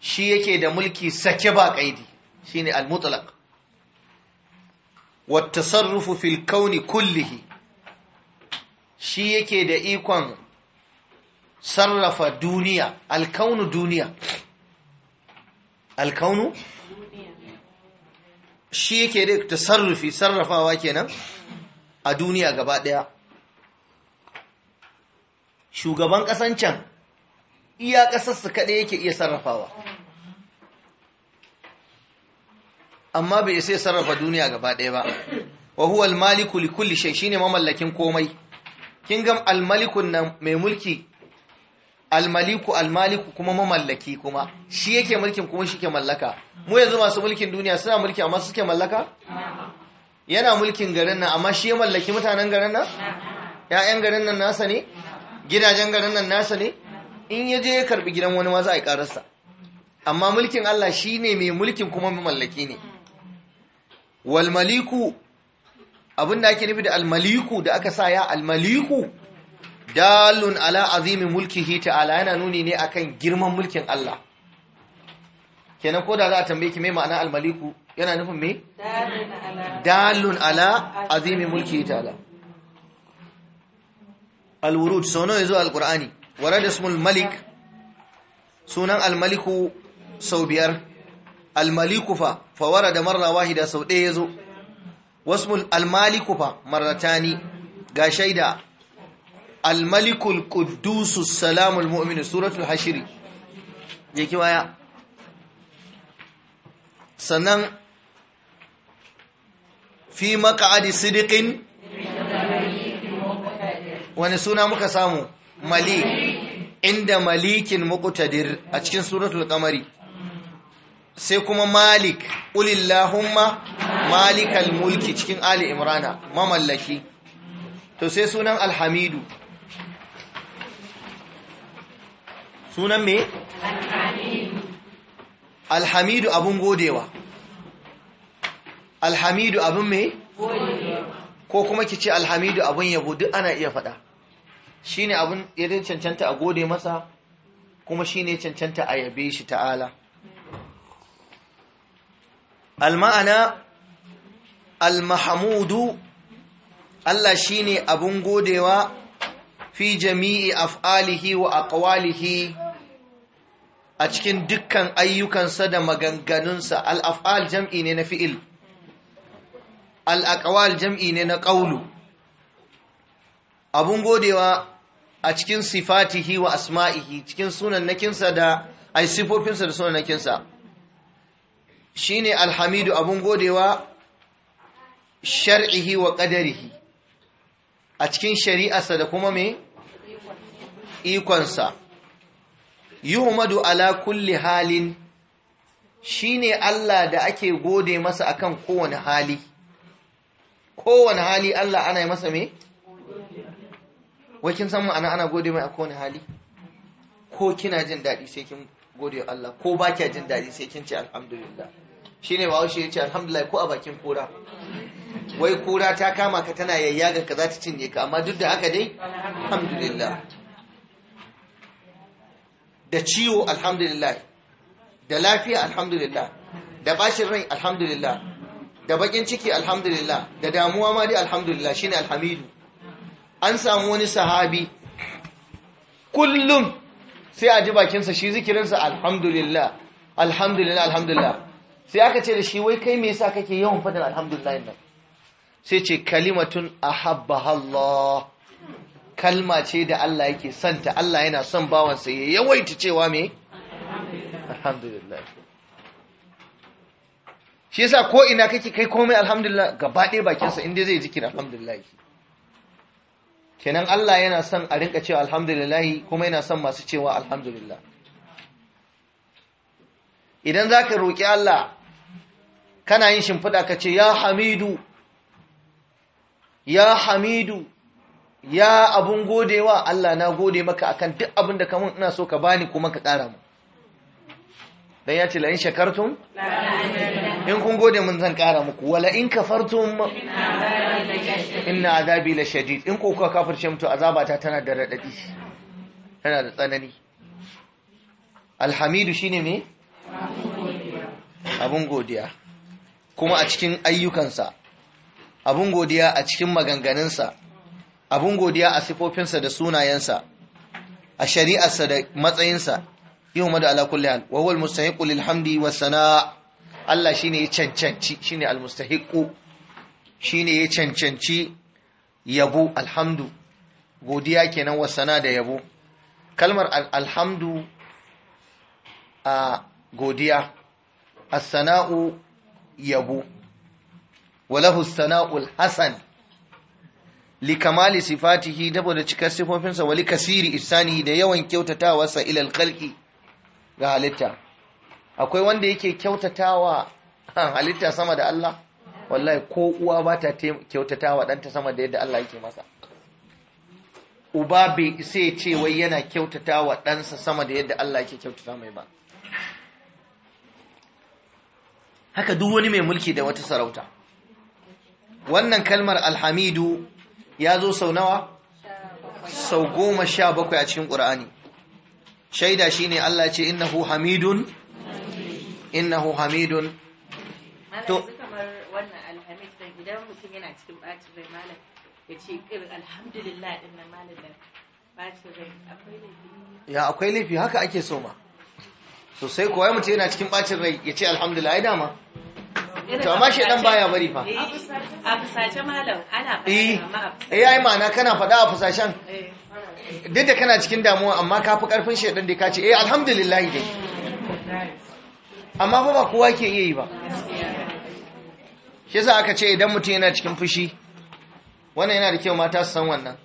shi yake da mulki sake ba kaidi shine al mutlaq wat tasarrufu fil kauni kullihi shi yake da ikon sarrafa duniya alkaunu duniya alkaunu shi yake da tasarrufi sarrafawa kenan a duniya gaba daya shugaban kasan iya iya kasarsa kaɗai yake iya sarrafawa amma bai sai sarrafa duniya gaba daya ba wa huwa al-maliku li kulli shay shine mamallakin komai kin ga almalikun nan mai mulki almaliku almaliku kuma mamallaki kuma shi yake mulkin kuma shi ke mallaka mu yanzu masu mulkin duniya suna mulki amma suke mallaka yana mulkin garin nan amma shi ya mallaki mutanen garin nan ya'yan garin nan nasa ne gidajen garin nan nasa ne in ya je ya karbi gidan wani ma za a yi karasa amma mulkin Allah shi ne mai mulkin kuma mamallaki ne wal maliku Abin da ake nufi da almaliku da aka sa ya almaliku dalun ala azimi mulkihi Ala. yana nuni ne akan girman mulkin Allah kenan ko da za a tambaye ki me ma'ana almaliku yana nufin me dalun ala azimi mulkihi ta'ala alwurud sono yazo alqur'ani da ismul malik sunan almaliku sau biyar almaliku fa fa da marra wahida sau ɗaya ya zo. wasmul almaliku fa maratani ga shaida almalikul quddusu salamul mu'minu suratul hashiri je ki waya sannan fi maq'adi sidiqin wani suna muka samu malik inda malikin muqtadir a cikin suratul qamari sai kuma malik ulillahumma malikal mulki cikin ali imrana mamallaki to sai sunan alhamidu sunan me alhamidu abun godewa alhamidu abun me ko kuma ki ce alhamidu abun yabo duk ana iya faɗa shine abun yadda cancanta a gode masa kuma shine cancanta a yabe shi ta'ala المعنى المحمود al شيني Allah shine في godewa fi jami'i af'alihi a cikin dukkan ayyukansa da maganganunsa al-af'al jam'i ne na fi'il al-aqwal jam'i ne na qawlu abun godewa a cikin sifatihi wa asma'ihi cikin sunan sunannakinsa da ai sifofinsa da sunannakinsa shine alhamidu abun godewa shar'ihi wa qadarihi a cikin shari'arsa da kuma me ikonsa yuhmadu ala kulli halin shine Allah da ake gode masa akan kowane hali kowane hali Allah ana yi masa me wakin san ma'ana ana gode mai a kowane hali ko kina jin daɗi sai kin gode Allah ko ba kya jin daɗi sai kin ce alhamdulillah shine bahaushe ya ce alhamdulillah ko a bakin kura wai kura ta kama ka tana yayyaga ka za ta cinye ka amma duk da haka dai alhamdulillah da ciwo alhamdulillah da lafiya alhamdulillah da bashin rai alhamdulillah da bakin ciki alhamdulillah da damuwa ma dai alhamdulillah shine alhamidu an samu wani sahabi kullum sai a ji bakinsa shi zikirinsa alhamdulillah alhamdulillah alhamdulillah sai aka ce da shi wai kai me yasa kake yawan fadin alhamdulillah nan sai ce kalimatun ahabbaha Allah kalma ce da Allah yake santa Allah yana son bawansa ya yawaita cewa me alhamdulillah shi yasa ko ina kake kai komai alhamdulillah gaba ɗaya bakinsa inda zai zikin alhamdulillah kenan Allah yana son a rinka cewa alhamdulillah kuma yana son masu cewa alhamdulillah idan za ka roƙi Allah kana yin shimfiɗa ka ce ya hamidu ya hamidu ya abun godewa Allah na gode maka akan duk abin da kamun ina so ka bani kuma ka ƙara mu dan ya ce la in shakartum in kun gode mun zan kara muku wala in kafartum inna azabi la shadid in kuka kafirce mutu azabata tana da radadi tana da tsanani alhamidu shine me abun godiya kuma a cikin ayyukansa abun godiya a cikin maganganunsa abun godiya a sifofinsa da sunayensa a shari'arsa da matsayinsa yuhmadu ala kulli hal wa huwa lil hamdi wa sana Allah shine ya cancanci shine almustahiqu shine ya cancanci yabo alhamdu godiya kenan wa sana da yabo kalmar alhamdu a godiya as-sana'u yabo walahu al hasan li kamali sifatihi da cikar sifofinsa wali kasiri isani da yawan ila al khalqi ga halitta akwai wanda yake kyautatawa (laughs) halitta sama da Allah wallahi ko uwa ba ta kyautatawa ɗanta sama da yadda Allah yake masa uba bai ya ce wai yana kyautatawa ɗansa sama da yadda Allah yake kyautata mai ba haka duk wani mai mulki da wata sarauta wannan kalmar alhamidu ya zo sau nawa sau goma sha bakwai a cikin ƙur'ani shaida shine Allah ce innahu hamidun innahu hamidun to ya akwai laifi haka ake so ma sosai kowa mutum yana cikin bacin rai ya ce alhamdulillah ya dama to amma shedan baya bari fa eh, a fusace malam ana faɗa eh. amma eh ai ma'ana kana fada a fusashen eh. duk da kana cikin damuwa amma ka fi karfin shedan da ka ce eh alhamdulillah dai amma fa ba kowa ke iya yi ba shi yasa aka ce idan mutum yana cikin fushi wannan yana da kyau mata su san wannan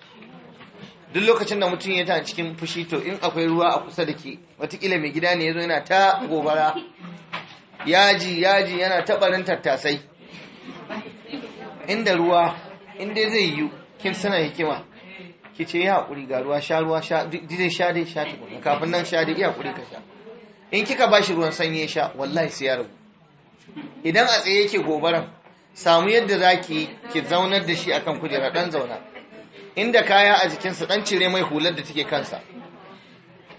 duk lokacin da mutum yana cikin fushi to in akwai ruwa a kusa da ke watakila mai gida ne ya zo yana ta gobara yaji yaji yana tabarin tattasai inda ruwa inda zai yi kin sana hikima ki ce ya haƙuri ga ruwa sha ruwa sha zai sha dai sha tukuna kafin nan sha dai ya haƙuri ka sha in kika bashi ruwan sanyi sha wallahi sai ya rabu idan a tsaye yake gobaran samu yadda za ki zaunar da shi akan kujera dan zauna inda kaya a jikinsa dan cire mai hular da take kansa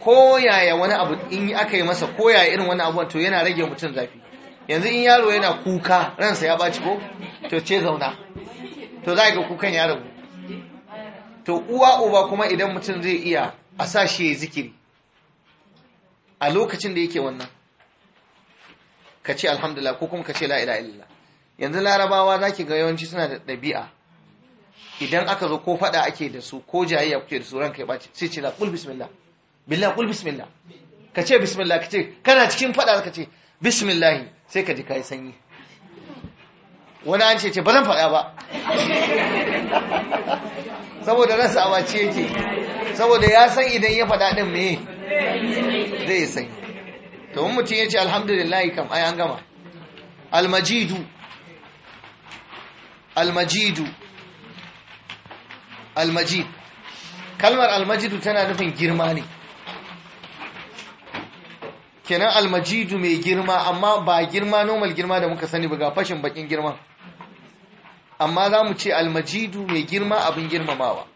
koyaya wani abu in aka yi masa koyaya irin wani abu to yana rage mutum zafi yanzu in yaro yana kuka ransa ya baci ko to ce zauna to za ga kukan ya ragu to uwa uba kuma idan mutum zai iya a sa shi ya zikiri a lokacin da yake wannan ka ce alhamdulillah ko kuma ka ce la ila illallah yanzu larabawa za ki ga yawanci suna da ɗabi'a idan aka zo ko faɗa ake da su ko jayayya kuke da su ranka ya ba sai ce la bismillah billah kul bismillah ka ce bismillah ka ce kana cikin fada ka ce bismillah sai ka ji kai sanyi wani an ce ce ba zan faɗa ba (laughs) saboda ransa a wace yake saboda ya san idan ya faɗa din me zai sanyi to mutum ya ce alhamdulillah kam ai an gama almajidu almajidu almajid kalmar almajidu tana nufin girma ne kenan almajidu mai girma amma ba girma normal girma da muka sani ba ga fashin bakin girma amma za mu ce almajidu mai girma abin girmamawa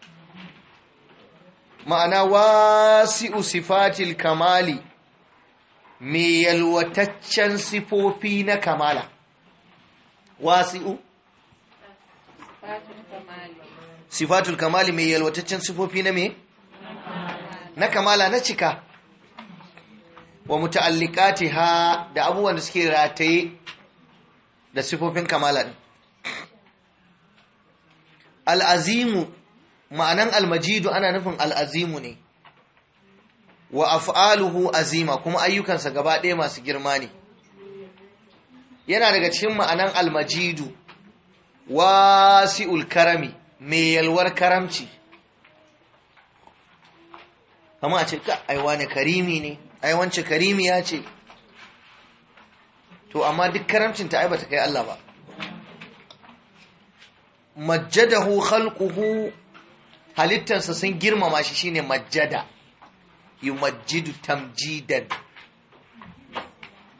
ma'ana wasi'u sifatil kamali mai yalwataccen sifofi na kamala wasi'u sifatul kamali mai yalwataccen sifofi na me na kamala na cika wa ha da abubuwan da suke rataye da sifofin kamala din al'azimu ma'anan almajidu ana nufin al'azimu ne wa af'aluhu azima kuma ayyukansa gaba ɗaya masu girma ne yana daga cikin ma'anan almajidu wasi'ul karami mai yalwar karamci kama a ce ka aiwa ne karimi ne ai wance karimiya ce to amma duk karamcinta ai bata kai Allah ba majjadahu khalquhu halittarsa sun girmama shi shine majjada yumajjidu tamjidan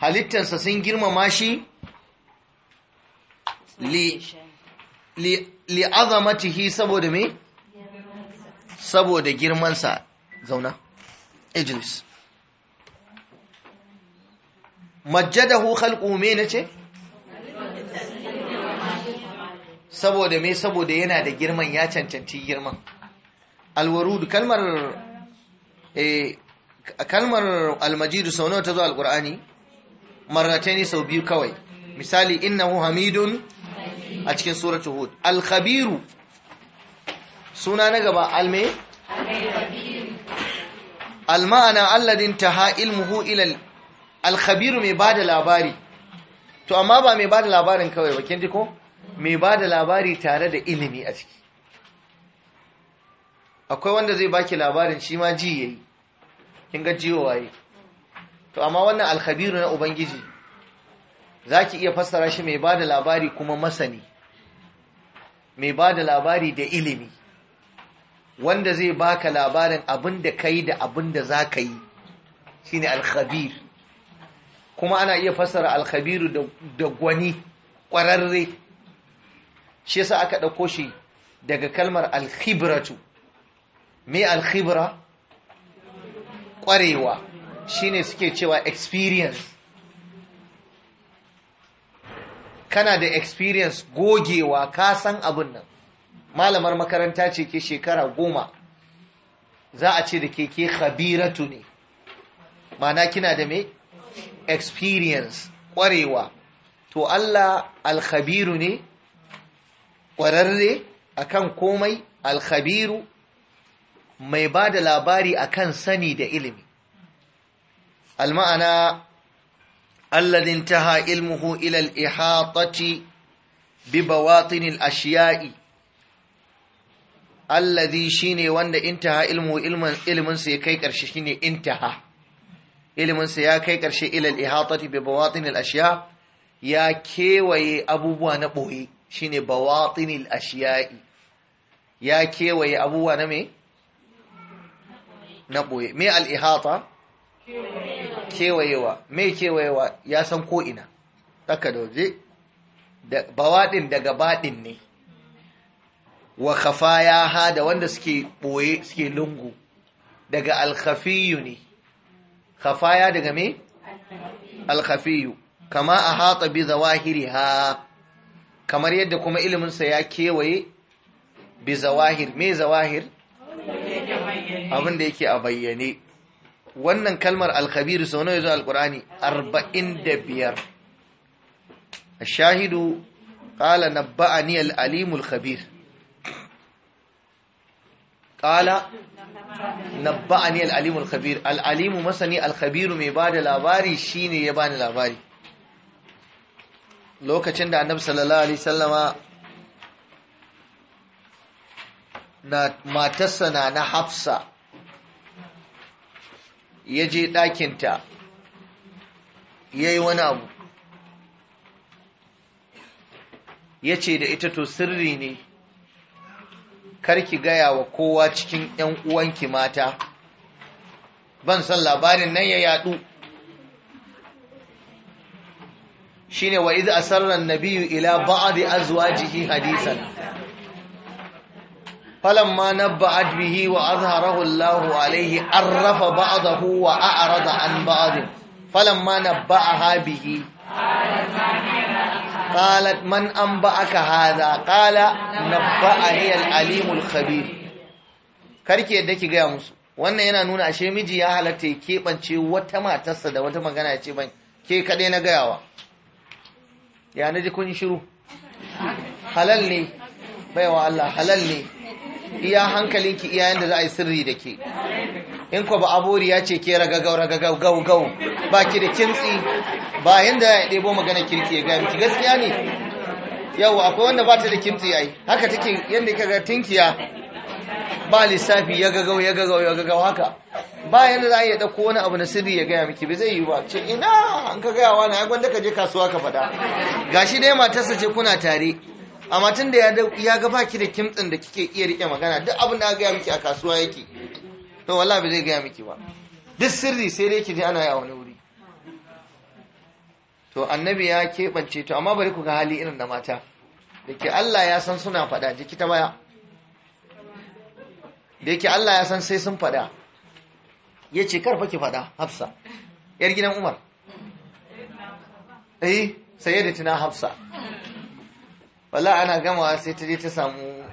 halittarsa sun girmama shi li li li azamatihi saboda me saboda sa zauna ejlis majjadahu khalquhu me nace saboda me saboda yana da girman ya cancanci girman alwarud kalmar eh kalmar almajidu sau nawa ta zo alqur'ani marrataini sau biyu kawai misali innahu hamidun a cikin suratul hud alkhabiru suna na gaba alme alma'ana alladin taha ilmuhu ilal alkhabiru mai ba da labari to amma ba mai ba da labarin kawai ba kinji ko mai ba da labari tare da ilimi a ciki akwai wanda zai baki labarin shi ma ji yayi kin ga jiwo waye to amma wannan alkhabiru na ubangiji zaki iya fassara shi mai ba da labari kuma masani mai ba da labari da ilimi wanda zai baka labarin abinda da kai da abin da za yi shine alkhabir kuma ana iya fasara alkhabiru da gwani ƙwararre shi yasa aka ɗauko shi daga kalmar alkhibratu me alkhibra ƙwarewa shine suke cewa experience kana da experience gogewa ka san abin nan malamar makaranta ce ke shekara goma za a ce da keke khabiratu ne mana kina da me experience ƙwarewa to Allah alkhabiru ne ƙwararre akan komai alkhabiru mai ba da labari akan sani da ilimi alma'ana alladin taha ilmuhu ilal ihatati bi bawatinil ashiya'i alladhi shine wanda intaha ilmu ilmin ilmin sai kai karshe shine intaha iliminsa ya kai ƙarshe ilal ihatati bi bawatinil ashiya ya kewaye abubuwa na ɓoye shine bawatinil ashiya'i ya kewaye abubuwa na me na ɓoye me al ihata kewayewa me kewayewa ya san ko ina tsaka da waje bawaɗin daga baɗin ne wa khafaya ha da wanda suke ɓoye suke lungu daga alkhafiyu ne khafaya daga me alkhafiyu kama ahata bi ha! kamar yadda kuma iliminsa ya kewaye bi zawahir me zawahir abin da yake a bayyane wannan kalmar alkhabiru sau nawa ya zo alkurani arba'in da biyar a shahidu ƙala na ba'ani al'alimul khabir ƙala nabba'ani al al-khabir Al'alimu masani al-khabiru mai bada labari shine ya bani labari lokacin da annabi sallallahu alaihi sallama na matarsa na na hafsa ya je ɗakinta ya yi wani abu ya ce da ita to sirri ne karki gaya wa kowa cikin 'yan uwanki mata ban san labarin nan ya yadu shine wa izi a sarran Nabiyu ila ba'di jiki hadisan falamma nabba'at bihi wa azharahu Allahu alayhi arrafa ba'dahu wa a'rada an ba'd falamma nabba'aha bihi qalat man anba'aka hadha qala nabba'ani al-alimul khabir karki yadda ki gaya musu wannan yana nuna ashe miji ya halatta ya keɓance wata matarsa da wata magana ya ce ban ke kaɗai na gayawa ya na ji kun shiru halal ne baiwa Allah halal ne iya hankalinki iya yanda za a yi sirri da ke in ko ba abori ya ce ke ragagau ragagau gau gau ba ki da kintsi ba yanda ya ɗebo magana kirki ya gami gaskiya ne yau akwai wanda ba ta da kintsi ai haka take yanda ka ga tinkiya ba lissafi ya gagau ya gagau ya gagau haka ba yanda za a iya ɗauko wani abu na sirri ya gaya miki ba zai yi ba ce ina an ka gaya wani ai gwanda ka je kasuwa ka faɗa gashi dai matarsa ce kuna tare amma tun da ya ga baki da kimtsin da kike iya rike magana duk abin da gaya miki a kasuwa yake to wallahi ba zai gaya miki ba duk sirri sai dai ki ji ana yi a wani wuri to annabi ya keɓance to amma bari ku ga hali irin da mata da ke Allah ya san suna faɗa jiki ta baya da ke Allah ya san sai sun faɗa ya ce karfa ki faɗa hafsa yar gidan umar eh sai da tuna hafsa wala ana gamawa sai ta je ta samu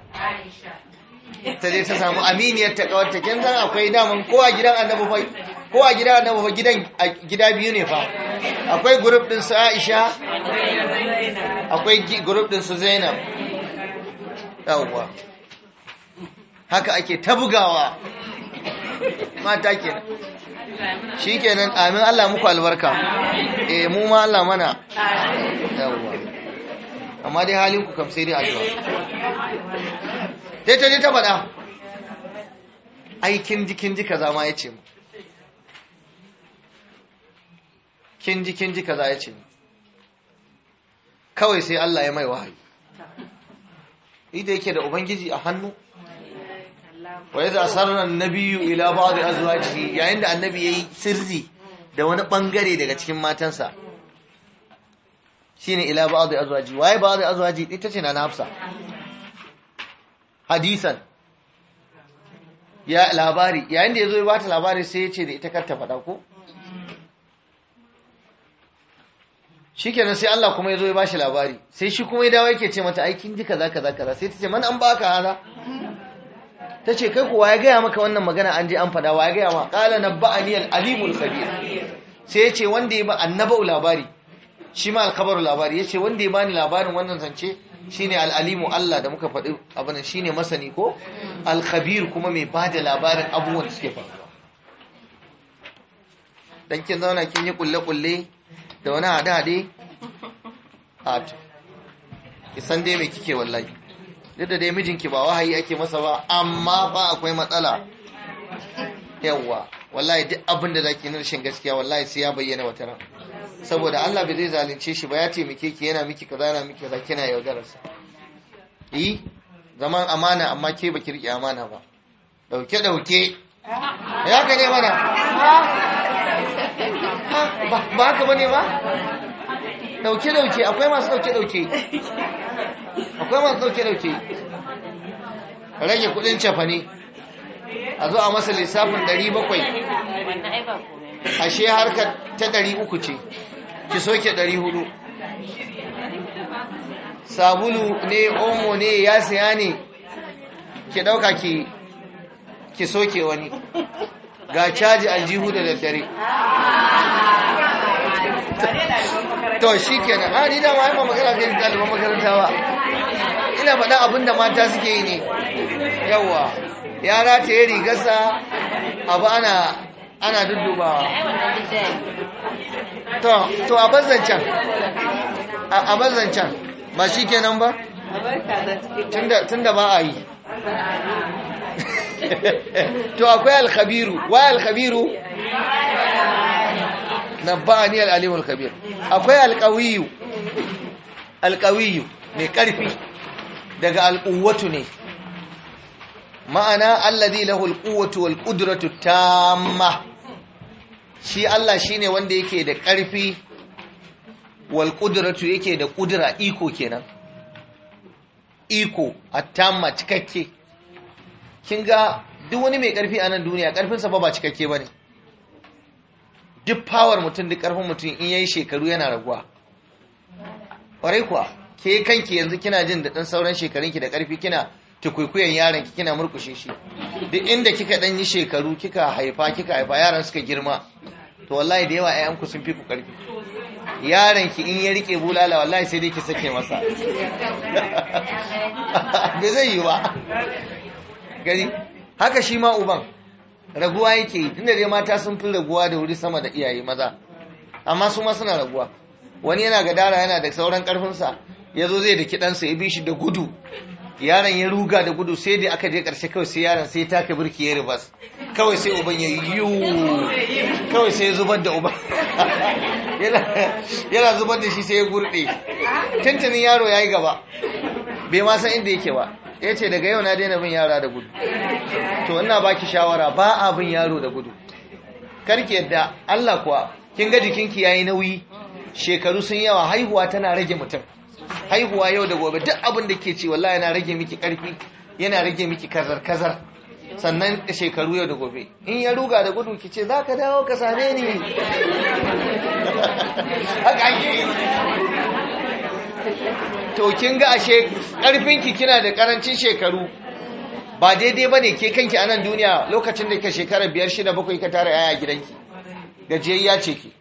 ta je ta samu aminiyar ta kawarta kin san akwai daman ko a gidan annabi fa ko a gidan annabi fa gidan gida biyu ne fa akwai group din su Aisha akwai group din su Zainab yawwa haka ake ta bugawa mata kenan shikenan amin Allah muku albarka eh mu ma Allah mana yawwa amma dai halin ku kam sai dai addu'a dai ta je ta faɗa aikin jikin jika kin ji kaza ma mu kin ji kin ji kaza ce mu kawai sai Allah ya mai wahayi ita yake da ubangiji a hannu wa yadda asarar nabiyu ila azuwa ciki? yayin da annabi yi sirri da wani bangare daga cikin matansa shine ila ba'd azwaji waye ba'd azwaji ita ce na nafsa. hadisan ya labari yayin da yazo ya bata labari sai ya ce da ita karta faɗa ko shikenan sai Allah kuma yazo ya bashi labari sai shi kuma ya dawo yake ce mata aikin ji kaza kaza kaza sai ta ce man an baka haza. ta ce kai kuwa ya gaya maka wannan magana an je an fada wa ya gaya ma qala nabba aliyal alimul khabir sai ya ce wanda ya ba annabau labari shi ma alkabar labari ya ce wanda ya bani labarin wannan zance shine al'alimu Allah da muka faɗi abinan shine masani ko alkhabir kuma mai ba da labarin abubuwan da suke faruwa dan kin zauna kin yi ƙulle-ƙulle da wani haɗe-haɗe, a ki isan dai mai kike wallahi duk da dai mijinki ba wahayi ake masa ba amma ba akwai matsala yawwa wallahi duk abinda da ki na rashin gaskiya wallahi sai ya bayyana wata rana saboda Allah bai zai zalunce shi ba ya taimake ki yana miki kaza yana miki kaza kina yaudararsa yi zaman amana amma ke baki rike amana ba dauke dauke ya ka ne mana ba haka bane ba dauke dauke akwai masu dauke dauke akwai masu dauke dauke rage kudin cafane a zo a masa lissafin 700 ashe harkar ta 300 ce ki soke hudu. sabulu ne omo ne ya siya ne ki ɗauka ki ki soke wani ga caji aljihu da daddare to shi nan ha ah, ni da ma yamma magana da ɗaliban makaranta ba ina faɗa abin da mata suke yi ne Yawwa yara ta yi rigarsa abu ana ana duddubawa to to a bazancan a bazancan ba shi kenan ba tunda ba a yi to akwai alkhabiru wa alkhabiru nabbani al-alim al-khabir akwai alqawiyu alqawiyu mai karfi daga al'uwatu ne ma'ana allazi lahul quwwatu wal qudratu tamma shi Allah shine wanda yake da ƙarfi wal qudratu yake da kudura iko kenan iko atamma cikakke kin ga duk wani mai ƙarfi a nan duniya ƙarfinsa sa ba cikakke bane duk power mutum duk ƙarfin mutum in yayi shekaru yana raguwa kware kuwa ke kanki yanzu kina jin da ɗan sauran shekarunki da ƙarfi kina tukwikwiyan yaron ki kina murkushe shi duk inda kika dan yi shekaru kika haifa kika haifa yaran suka girma to wallahi da yawa ayyanku sun fi ku karfi yaron ki in ya rike bulala wallahi sai dai ki sake masa Me (laughs) zai yi ba gani haka shi ma uban raguwa yake yi tunda dai mata sun fi raguwa da wuri sama da iyaye maza amma su ma suna raguwa wani yana gadara yana da sauran karfinsa ya zo zai da kiɗansa ya bi shi da gudu yaron ya ruga da gudu sai da aka je karshe kawai sai yaron sai taka birki ya ribas kawai sai uban ya yi kawai sai zubar da uban (laughs) yana zubar da shi sai ya gurɗe tuntunin yaro ya yi gaba bai ma san inda yake ba ya ce daga yau na daina bin yara da gudu to ina baki shawara ba a bin yaro da gudu karki yadda Allah kuwa kin ga jikinki yayi nauyi shekaru sun yawa haihuwa tana rage mutum haihuwa yau da gobe duk abin da ke ce wallahi yana rage miki karfi yana rage miki kazar kazar sannan shekaru yau da gobe in ya ruga da gudu ki ce za ka dawo ka same ni (laughs) haka ake to kin ga ashe karfinki kina da karancin shekaru ba daidai ba ne ke kanki a nan duniya lokacin da ke shekara biyar shida bakwai ka tara yaya gidanki gajiyayya ce ki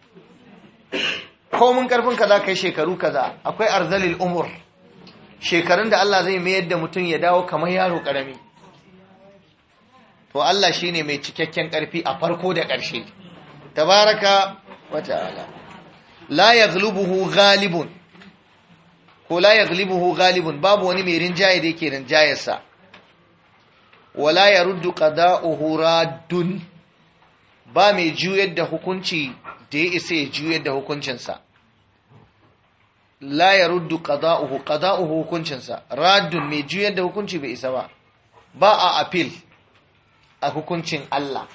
komin karfin ka za ka yi shekaru kaza akwai arzalil umur shekarun da Allah zai mayar da mutum ya dawo kamar yaro karami to Allah shi ne mai cikakken karfi a farko da ƙarshe tabaraka wa ta'ala la yaghlibuhu ghalibun ko la ghalibun babu wani mai rinjaye da yake rinjayarsa wala yaruddu qada'uhu raddun ba mai juyar da hukunci da ya isa ya juyar da hukuncinsa la ya ruddu qada'uhu qada'uhu hukuncinsa raddun mai juyar da hukunci bai isa ba ba a appeal a hukuncin Allah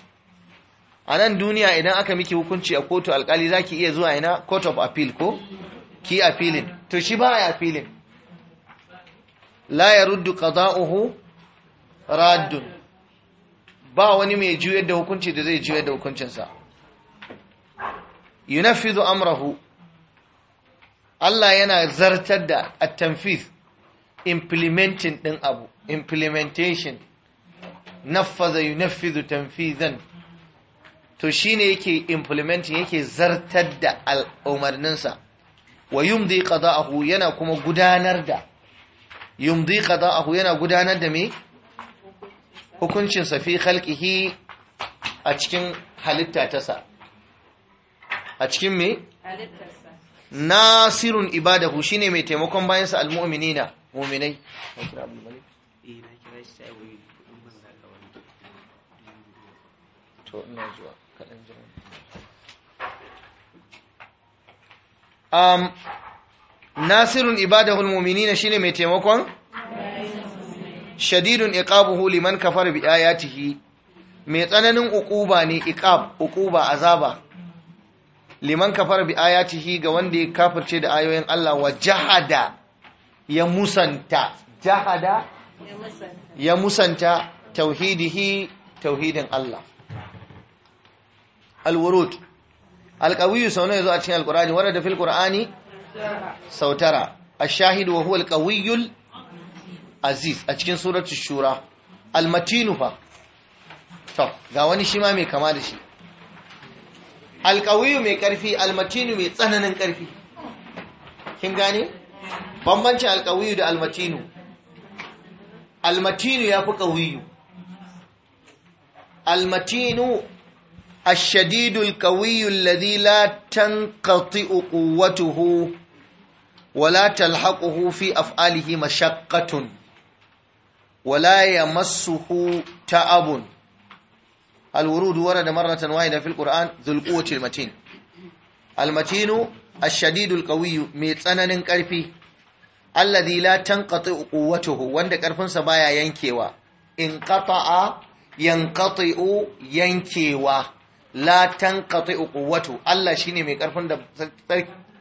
a nan duniya idan aka miki hukunci a kotu alkali zaki iya zuwa ina court of appeal ko ki appealing to shi ba ya appealing la ya ruddu qada'uhu raddun ba wani mai juyar da hukunci da zai juyar da hukuncinsa yunaffizu amrahu Allah yana zartar da at-tanfiz implementing din abu implementation naffaza yunaffizu tanfizan to shine yake implementing yake zartar da al'umarninsa wa yumdi qada'ahu yana kuma gudanar da yumdi qada'ahu yana gudanar da me hukuncin sa fi khalqihi a cikin halitta ta sa a cikin me nasirun ibadahu shine mai taimakon bayan sa al to ina zuwa kaɗan jiran um, nasirun ibadahul muminina shine mai taimakon shadidun iqabuhu liman kafara bi ayatihi mai tsananin uquba ne iqab uquba azaba liman kafar bi ayatihi ga wanda ya kafirce da ayoyin Allah wa jahada ya musanta jahada ya musanta tauhidihi tauhidin Allah alwurud alqawiyyu sauna yazo a cikin alqur'ani warada fil qur'ani sautara ash-shahid wa huwa alqawiyyul aziz a cikin suratul shura almatinu fa to ga wani shi ma mai kama da shi alƙawiyu mai ƙarfi almatinu mai tsananin ƙarfi kin gane bambancin alƙawiyu da almatinu almatinu ya fi ƙawiyu almatinu الشديد القوي الذي لا تنقطع قوته ولا تلحقه في أفعاله مشقة ولا يمسه تعب الورود ورد مرة واحدة في القرآن ذو القوة المتين المتين الشديد القوي ميتسنن كرفي الذي لا تنقطع قوته وند كرفن سبايا ينكيوا انقطع ينقطع ينكيوا لا تنقطع قوته الله شيني مي كرفن da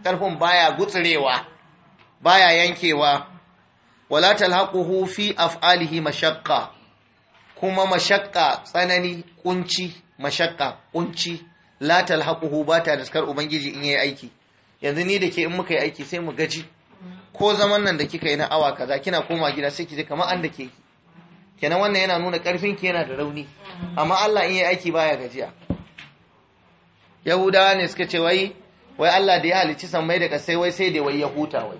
karfin baya gutsurewa baya yankewa wala talhaquhu fi af'alihi mashaqqa kuma mashakka tsanani kunci mashakka kunci la talhaquhu ba ta daskar ubangiji in yayi aiki yanzu ni da ke in muka yi aiki sai mu gaji ko zaman nan da kika yi na awa kaza kina koma gida sai kije kamar an da ke kenan wannan yana nuna karfin ki yana da rauni amma Allah in yayi aiki baya gajiya yahudawa ne suka ce wai wai Allah da ya halicci sammai da sai wai sai da wai ya huta wai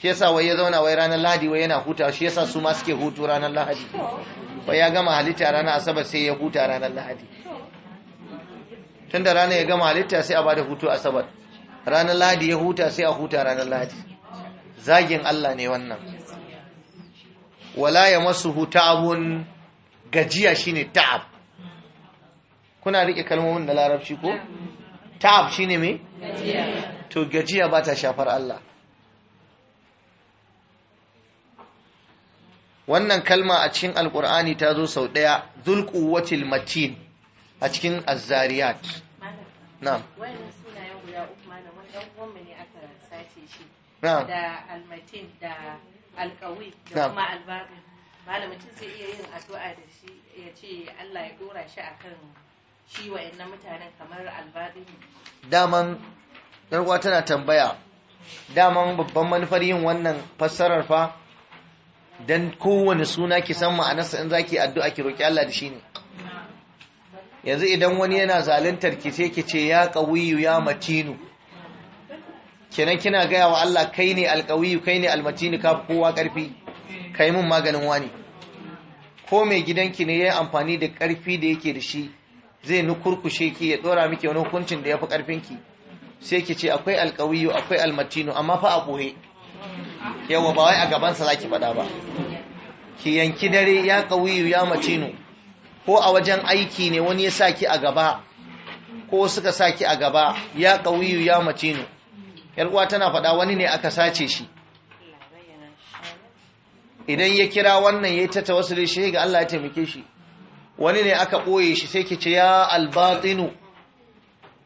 shi yasa wai ya zauna wai ranar lahadi wai yana huta shi yasa su ma suke hutu ranar lahadi wai ya gama halitta ranar asabar sai ya huta ranar lahadi tunda ranar ya gama halitta sai a bada hutu asabar ranar lahadi ya huta sai a huta ranar lahadi zagin Allah ne wannan wala ya masu abun gajiya shine ta'ab kuna rike kalmomin da larabci ko ta'ab shine me gajiya to gajiya ba ta shafar Allah wannan kalma a cikin alkur'ani ta zo sau ɗaya zulkuwatil matin a cikin azzariyat na'am wannan sunayen uku ne aka sace shi da almatin da da kuma iya yin addu'a da shi ya ce Allah ya dora shi akan shi wa'annan mutanen kamar daman yarwa tana tambaya daman babban manufar yin wannan fassarar fa dan kowane suna ki san ma'anarsa in zaki addu'a ki roki Allah da shi ne yanzu idan wani yana zaluntar ki ce ki ce ya qawiyu ya matinu kenan kina gaya wa Allah kai ne alqawiyu kai ne almatinu ka kowa karfi kai mun maganin wani ko mai gidanki ne ya yi amfani da karfi da yake da shi zai nukurkushe ki ya dora miki wani hukuncin da yafi karfin ki sai ki ce akwai alqawiyu akwai almatinu amma fa a boye yawa ba wai a gabansa za ki faɗa ba ki yanki dare ya ƙawiyu ya macinu ko a wajen aiki ne wani ya sa ki a gaba ko suka sa a gaba ya ƙawiyu ya macinu uwa tana faɗa wani ne aka sace shi idan ya kira wannan ya yi ta tawassuli shi ga Allah ya taimake shi wani ne aka ɓoye shi sai ki ce ya albatinu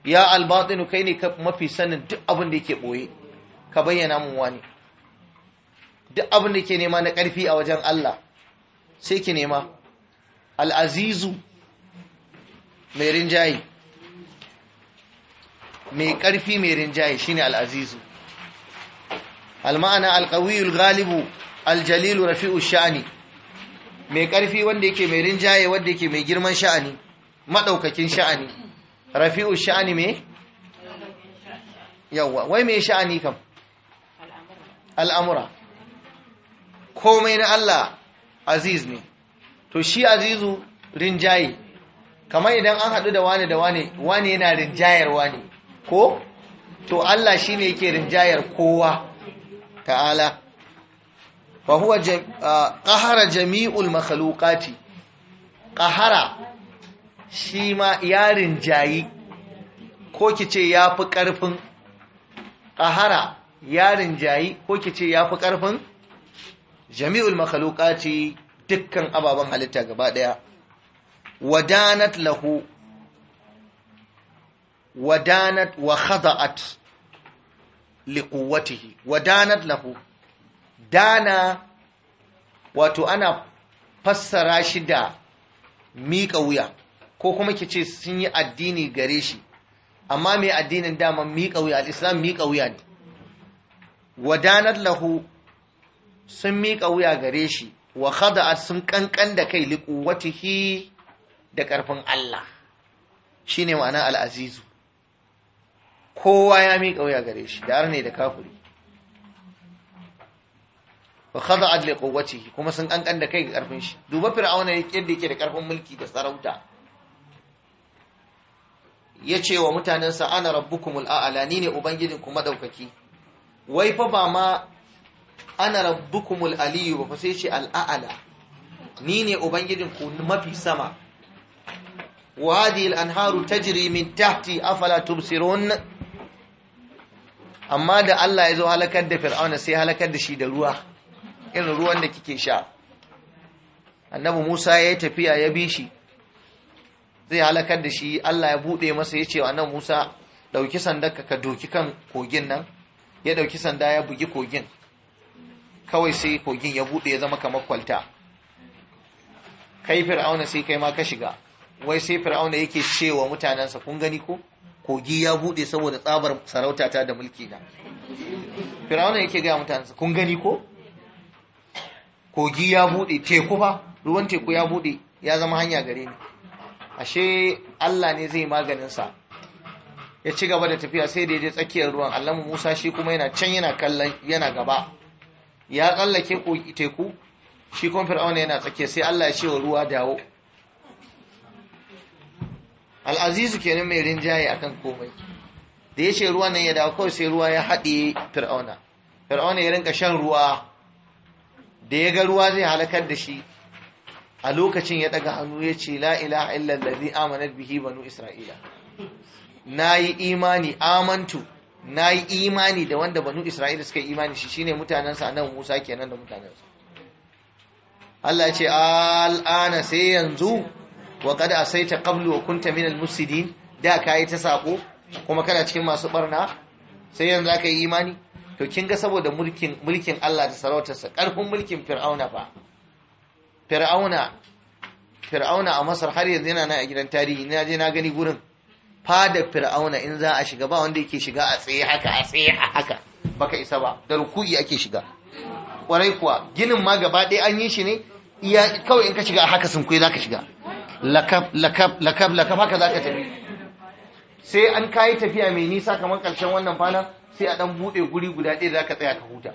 ya albatinu kai ne mafi sanin duk abin da yake ɓoye ka bayyana mun wani duk abin da ke nema na ƙarfi a wajen Allah sai ki nema al'azizu mai rinjaye mai ƙarfi mai rinjaye shi ne al'azizu alma'ana alƙawiyul galibu aljalilu rafi'u sha'ani mai ƙarfi wanda yake mai rinjaye wanda yake mai girman sha'ani maɗaukakin sha'ani rafi'u sha'ani mai yawwa wai mai sha'ani kam al'amura komai na Allah aziz ne to shi azizu rinjayi. kamar idan an haɗu da wani da wani, wani yana rinjayar wani. ko to Allah shi ne yake rinjayar kowa ta'ala fa huwa qahara jami'ul makhluqati qahara shi ma ya rinjayi ko kice yafi ƙarfin. qahara ya rinjayi ko kice yafi karfin jami'ul makhluqati dukkan ababen halitta gaba daya wadanat lahu wadanat wa khada'at liquwwatihi wadanat lahu dana wato ana fassara shi da miƙa wuya ko kuma ki ce sun yi addini gare shi amma mai addinin dama miƙa wuya al'islam miƙa wuya ne wadanat lahu sun miƙa wuya gare shi wa khada'at sun kankan da kai liquwatihi da ƙarfin Allah shine ma'ana al-azizu kowa ya miƙa wuya gare shi da arne da kafuri wa khada'at liquwatihi kuma sun kankan da kai ga ƙarfin shi duba fir'auna yadda yake da ƙarfin mulki da sarauta yace wa mutanensa ana rabbukumul a'la ni ne ubangijinku madaukaki wai fa ba ma ana rabbukumul aliyu ba fa sai ce al'a'ala ni ne ubangijin ku mafi sama wa anharu tajri min tahti afala tubsirun amma da Allah ya zo halakar da fir'auna sai halakar da shi da ruwa irin ruwan da kike sha annabi Musa ya yi tafiya ya bi shi zai halakar da shi Allah ya buɗe masa ya ce wa annabi Musa ɗauki sandarka ka doki kan kogin nan ya ɗauki sanda ya bugi kogin kawai sai kogin ya bude ya zama kamar kwalta kai fir'auna sai kai ma ka shiga wai sai fir'auna yake cewa mutanensa kun gani ko kogi ya bude saboda tsabar sarauta ta da mulki na fir'auna yake ga mutanensa kun gani ko kogi ya bude teku fa ruwan teku ya bude ya zama hanya gare ni ashe Allah ne zai maganin sa ya ci gaba da tafiya sai da ya je tsakiyar ruwan Allah Musa shi kuma yana can yana kallon yana gaba ya tsallake teku shi kuma fir'auna yana tsakiya sai Allah ya ce wa ruwa dawo al'azizu kenan mai rinjaye akan komai da ya ce ruwa nan ya dawo kawai sai ruwa ya haɗe fir'auna fir'auna ya rinka shan ruwa da ya ga ruwa zai halakar da shi a lokacin ya ɗaga hannu ya ce "La'ila ilaha zai amanar bihi banu isra'ila na yi imani amantu na yi imani da wanda banu isra'ila suka yi imani shi shine mutanensa nan musa kenan da mutanensa Allah ya ce al'ana sai yanzu wa sai ta qablu wa kunta al-musidin da kai ta sako kuma kana cikin masu barna sai yanzu ka yi imani to kin ga saboda mulkin mulkin Allah da sa, karfin mulkin fir'auna fa fir'auna fir'auna a Masar har yanzu yana nan a gidan tarihi na je na gani gurin fada fir'auna in za a shiga ba wanda yake shiga a tsaye haka a tsaye haka baka isa ba da ruku'i ake shiga kwarai kuwa ginin ma gaba ɗaya an yi shi ne iya kawai in ka shiga a haka sun za ka shiga lakab lakab lakab lakab haka za ka tafi sai an kayi tafiya mai nisa kamar ƙarshen wannan fana sai a ɗan buɗe guri guda ɗaya za ka tsaya ka huta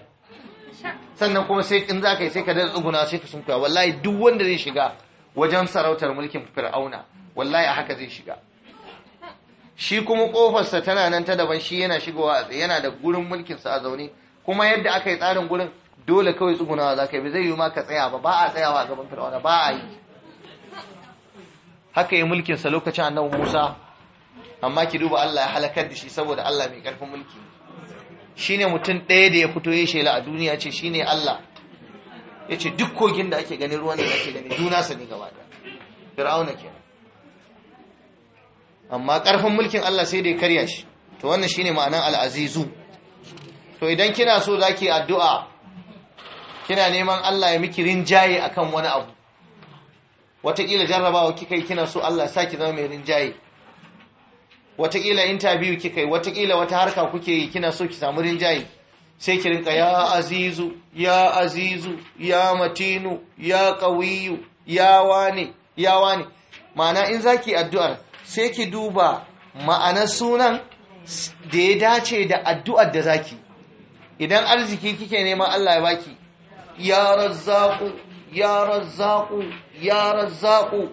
sannan kuma sai in za ka yi sai ka da tsuguna sai ka sunkuya wallahi duk wanda zai shiga wajen sarautar mulkin fir'auna wallahi a haka zai shiga shi kuma kofarsa tana nan ta daban shi yana shigowa a tsaye yana da gurin mulkin sa a zaune kuma yadda aka yi tsarin gurin dole kawai tsugunawa za ka yi zai yi ma ka tsaya ba ba a tsayawa a gaban firawana, ba a yi haka yi mulkin sa lokacin annabi musa amma ki duba allah ya halakar da shi saboda allah mai karfin mulki shine mutum ɗaya da ya fito ya shela a duniya ce shine allah ya ce duk kogin da ake ganin ruwan da ake gani juna sa ne gaba da fir'auna kenan amma ƙarfin mulkin Allah sai da karya shi to wannan shine ma'anan al'azizu to idan kina so zaki addu'a kina neman Allah ya miki rinjaye akan wani abu Wataƙila jarrabawa kika yi kina so Allah saki zama mai rinjaye watakila interview kika yi watakila wata harka kuke yi kina so ki samu rinjaye sai ki rinka ya azizu ya azizu ya matinu ya qawiyu ya Wani! ya Wani! ma'ana in zaki addu'ar sai ki duba ma'anar sunan da ya dace da addu'ar da zaki idan arziki kike neman Allah ya baki ya razzaku ya razzaku ya razzaku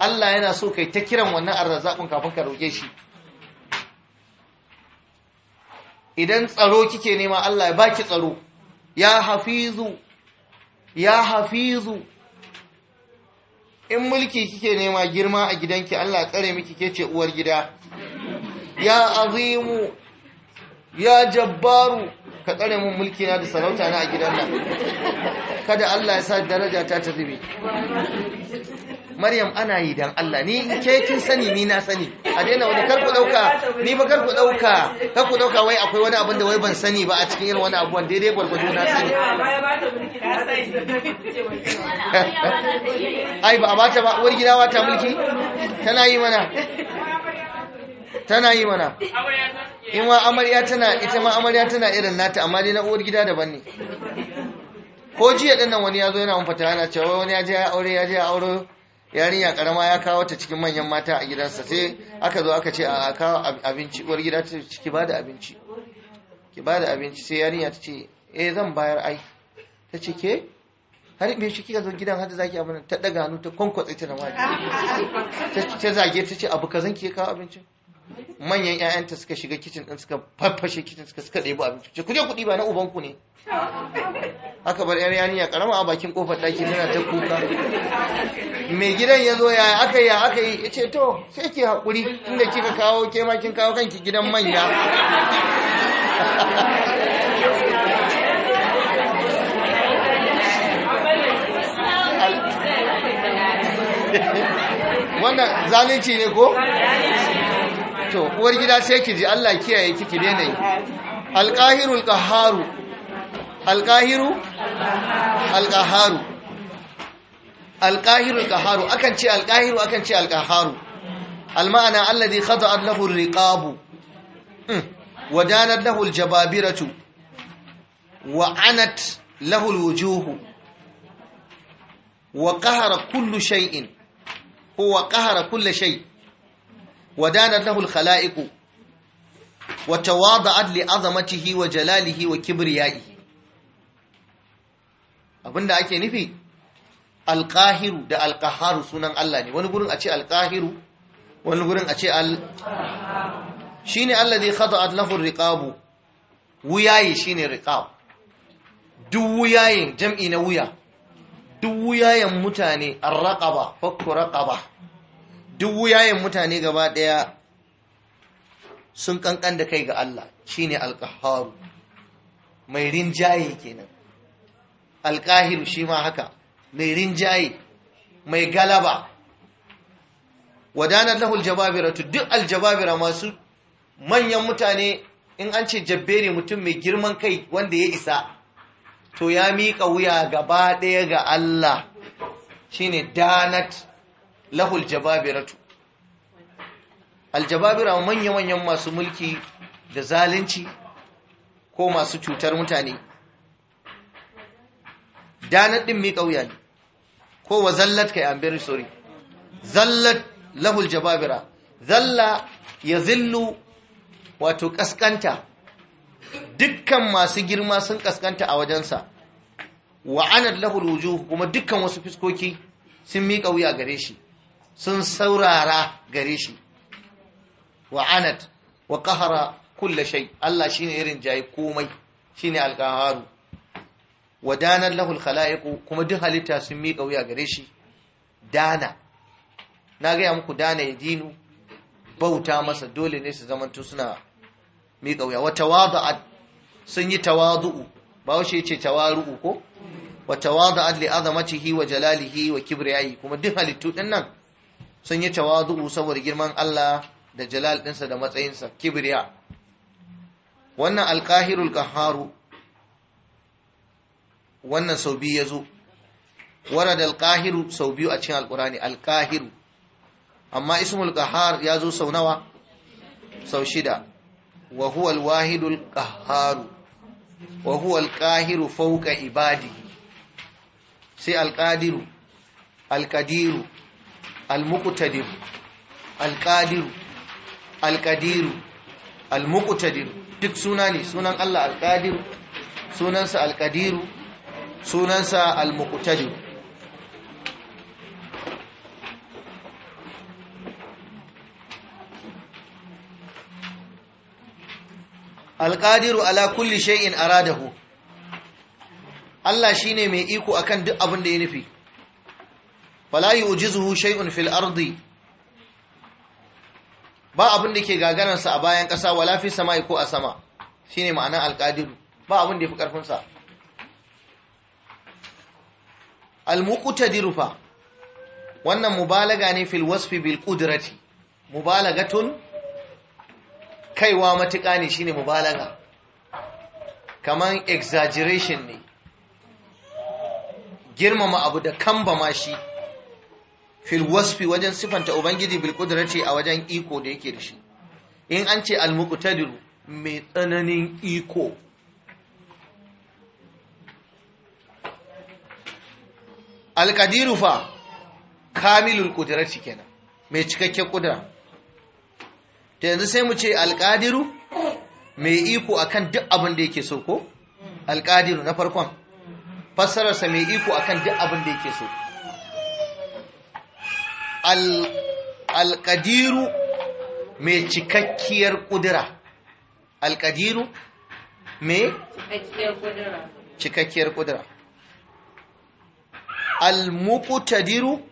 Allah yana so kai ta kiran wannan arzaƙun kafin ka roƙe shi idan tsaro kike nema Allah ya baki tsaro ya hafizu ya hafizu in mulki kike nema girma a gidanki Allah tsare miki ke ce uwar gida ya azimu ya jabbaru ka tsare mun mulki na da sarauta na a gidan nan kada Allah ya sa daraja ta ta tafi maryam ana yi dan Allah ni in ke kin sani ni na sani a daina wani kar ku dauka ni ba karku ku dauka kar ku dauka wai akwai wani abin da wai ban sani ba a cikin irin wani abuwan daidai gwargwado na sani ai ba a bata ba uwar gida wata mulki tana yi mana tana yi mana in wa amarya tana ita ma amarya tana irin nata amma dai na uwar gida daban ne ko jiya dinnan wani ya zo yana fata yana cewa wani ya je ya aure ya je ya aure yarinya karama ya kawo ta cikin manyan mata a gidansa sai aka zo aka ce a kawo abinci uwar gida ta ce ki da abinci ki ba da abinci sai yarinya ta ce eh zan bayar ai ta ce ke har me shi kika zo gidan hada zaki abin ta daga hannu ta kwankwatsa ta na waje ta zage ta ce abu kazan ki kawo abincin manyan ƴaƴanta suka shiga kicin ɗin suka farfashe kicin suka suka ɗebo abinci ce kuje kuɗi ba na ubanku ne aka bar ƴar yaniya karama a bakin kofar ɗaki tana ta kuka mai gidan ya zo ya aka yi aka yi ya ce to sai ki haƙuri inda kika kawo ke ma kin kawo kanki gidan manya wannan zalunci ne ko? to uwar gida sai ki ji Allah kiyaye ki daina yi alqahiru alqaharu alqahiru alqaharu alqahiru alqaharu akan ce alqahiru akan ce alqaharu alma'ana alladhi khada'at lahu alriqabu hmm. wa danat lahu aljababiratu wa anat lahu alwujuhu wa qahara kullu shay'in huwa qahara kullu shay'in ودانت له الخلائق وتواضعت لعظمته وجلاله وكبريائه abinda ake nufi alqahiru da alqaharu sunan Allah ne wani gurin a ce alqahiru wani gurin a ce al shine allazi khata'at lahu riqabu wuyaye shine riqab duk wuyayen jam'i na wuya duk wuyayen mutane arraqaba fakku raqaba duk wuyayen mutane gaba ɗaya sun kankan da kai ga Allah shine alƙaharu mai rinjaye kenan alƙahiru shi ma haka mai rinjaye mai galaba wadanar lahul tu duk aljababira masu manyan mutane in an ce jabbere mutum mai girman kai wanda ya isa to ya miƙa wuya gaba ɗaya ga Allah Shi ne danat lahul jababiratu aljababira manya-manyan masu mulki da zalunci ko masu cutar mutane danar ɗin mi ƙauya ne ko wa zallat kai an beri sorry zallat lahul jababira zalla ya zillu wato ƙasƙanta dukkan masu girma sun ƙasƙanta a wajensa wa'anar lahul wujuhu kuma dukkan wasu fiskoki sun miƙa wuya gare shi sun saurara gare shi wa anat wa kahara kulla shai, Allah shi ne irin jayi komai shi ne alkaharu wa danar lahul khala'iku kuma duk halitta sun miƙa wuya gare shi dana na gaya muku dana ya dinu bauta masa dole ne su zamantu suna miƙa wuya wa tawadu'at sun yi tawadu'u ba wace ce tawaru'u ko wa tawadu'at li azamatihi wa jalalihi wa kibriyayi kuma duk halittu nan. sun yi tawadu'u saboda girman Allah da jalal ɗinsa da matsayinsa kibriya wannan alkahirul kaharu wannan sau biyu ya zo da alkahiru sau biyu a cikin alkurani alkahiru amma ismul kahar ya zo sau nawa sau shida wa wahidul alwahidul kaharu wa huwa fauka ibadi sai alkadiru alkadiru al-muqtadir al-qadir duk suna ne sunan Allah al sunansa alƙadiru? qadir sunansa al-muqtadir al-qadiru ala kulli shay'in aradahu Allah shine mai iko akan duk abin da ya nufi fala yujizuhu shay'un fil ardi ba abin da ke gagararsa a bayan ƙasa wala fi sama'i ko a sama shine ma'anar alqadiru ba abin da yafi karfin sa al-muqtadiru fa wannan mubalaga ne fil wasfi bil tun kaiwa matuƙa ne ne mubalaga kaman exaggeration ne girmama abu da kambama shi fil wasfi wajen sifanta ubangiji bil kudrati a wajen iko da yake da shi in an ce al muqtadir mai tsananin iko al qadiru fa kamilul qudrati kenan mai cikakken kudura ta yanzu sai mu ce al qadiru mai iko akan duk abin da yake so ko al qadiru na farkon fassararsa mai iko akan duk abin da yake so alƙadiru mai cikakkiyar ƙudura alƙadiru mai cikakkiyar ƙudura AlMukutadiru,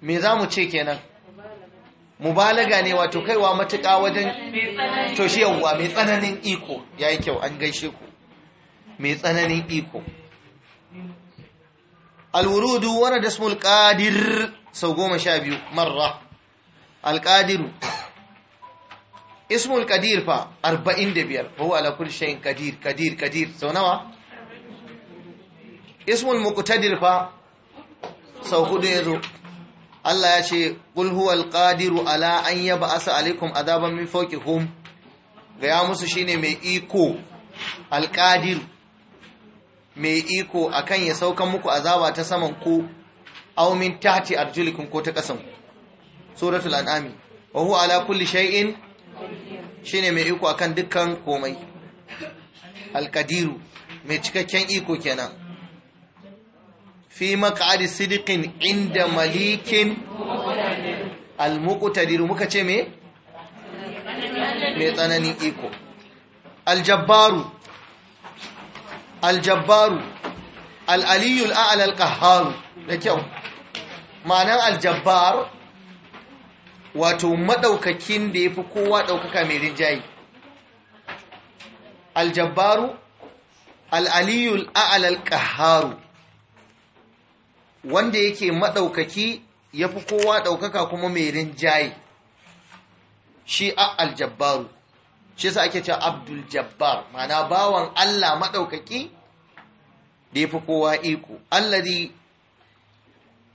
me za mu ce kenan mubalaga ne wato kaiwa matuƙa wajen to yawwa mai tsananin iko ya yi kyau an gaishe ku mai tsananin iko alwurudu wani da smul ƙadir sau goma sha biyu marra alƙadiru ismul ƙadir fa arba'in da biyar ba wa alakul shayin ƙadir ƙadir ƙadir sau nawa ismul muƙutadir fa sau hudu ya zo Allah ya ce ƙulhuwal ƙadiru ala an yaba asa alaikum azaban min fauki hum ga ya musu shine mai iko alƙadiru mai iko akan ya saukan muku azaba ta saman ku Aumin tati a arjulikum ko ta kasan suratul an'ami wa huwa ala kulli shay'in shine mai iko akan dukkan komai alqadiru mai cikakken iko kenan fi maq'adi sidiqin inda malikin al muka ce mai tsananin iko aljabbaru aljabbaru Al'aliyu a'alal ƙaharu da kyau ma'anar aljabbar wato maɗaukakin da ya fi kowa ɗaukaka mai rinjaye aljabbaru al'aliyul a'alal ƙaharu wanda yake maɗaukaki ya fi kowa ɗaukaka kuma mai rinjayi. shi a aljabbaru shi sa ake cewa abdul jabbar ma'ana bawan Allah maɗaukaki da ya fi kowa iko alladhi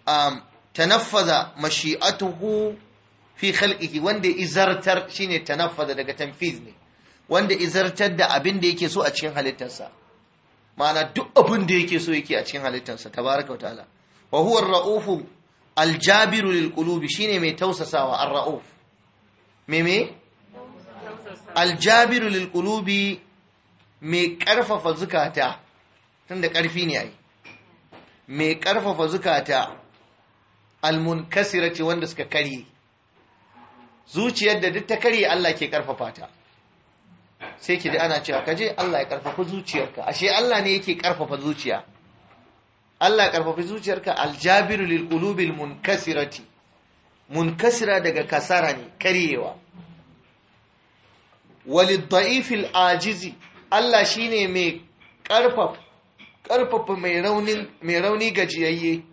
um, tanaffaza mashi'atuhu fi halƙiki wanda izartar shi ne ta naffaza daga tanfiz ne wanda izartar da abin da yake so a cikin halittarsa ma'ana duk abin da yake so yake a cikin halittarsa tabaraka wa ta'ala wa huwa raufu Aljabiru lilkulubi shi ne shine mai tausasawa an rauf mai aljabiru lil qulubi mai karfafa zukata tunda karfi ne ai mai karfafa zukata almunkasirati wanda suka kare zuciyar da duk ta kare Allah ke karfafa ta sai ki da ana cewa kaje Allah ya karfafa zuciyarka ashe Allah ne yake karfafa zuciya Allah ya karfafa zuciyarka aljabiru lil qulubil munkasirati munkasira daga kasara ne karyewa. waliddaifil ajizi Allah shi ne mai ƙarfafa mai rauni gajiyayye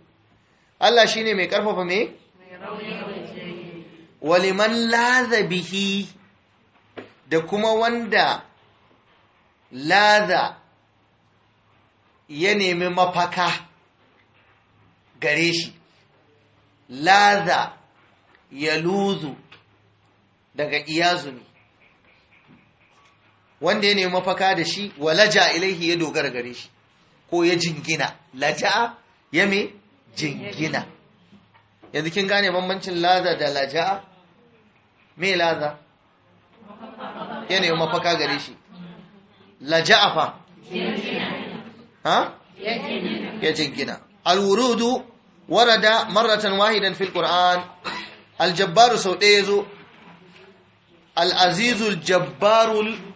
Allah shi ne mai ƙarfafa mai waliman laza bihi da kuma wanda laza ya nemi mafaka gare shi laza ya luzu daga iyazumi wanda ya nemi mafaka da shi wa laja ilaihi ya dogara gare shi ko ya jingina laja'a ya me jingina yanzu kin gane bambancin laza da Laja. me laza ya nemi mafaka gare shi laja'a fa ha ya jingina alwurudu warada marratan wahidan fil qur'an aljabbaru sau ɗaya zo al'azizul jabbarul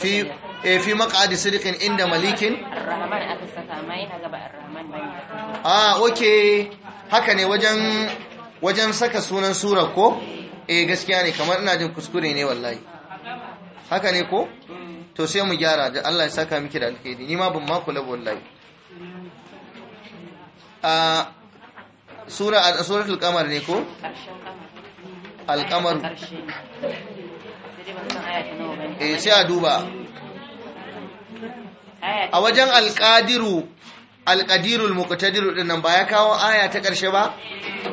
fi eh fi maqadi sidiqin inda malikin arrahman aka saka mai na gaba ah haka ne wajen wajen saka sunan sura ko eh gaskiya ne kamar ina jin kuskure ne wallahi haka ne ko to sai mu gyara da Allah ya saka miki da alkhairi ni ma ban ma kula wallahi a ah, sura suratul qamar ne ko al eh sai a duba a wajen alƙadiru alƙadirul muqtadir din nan ba ya kawo aya ta ƙarshe ba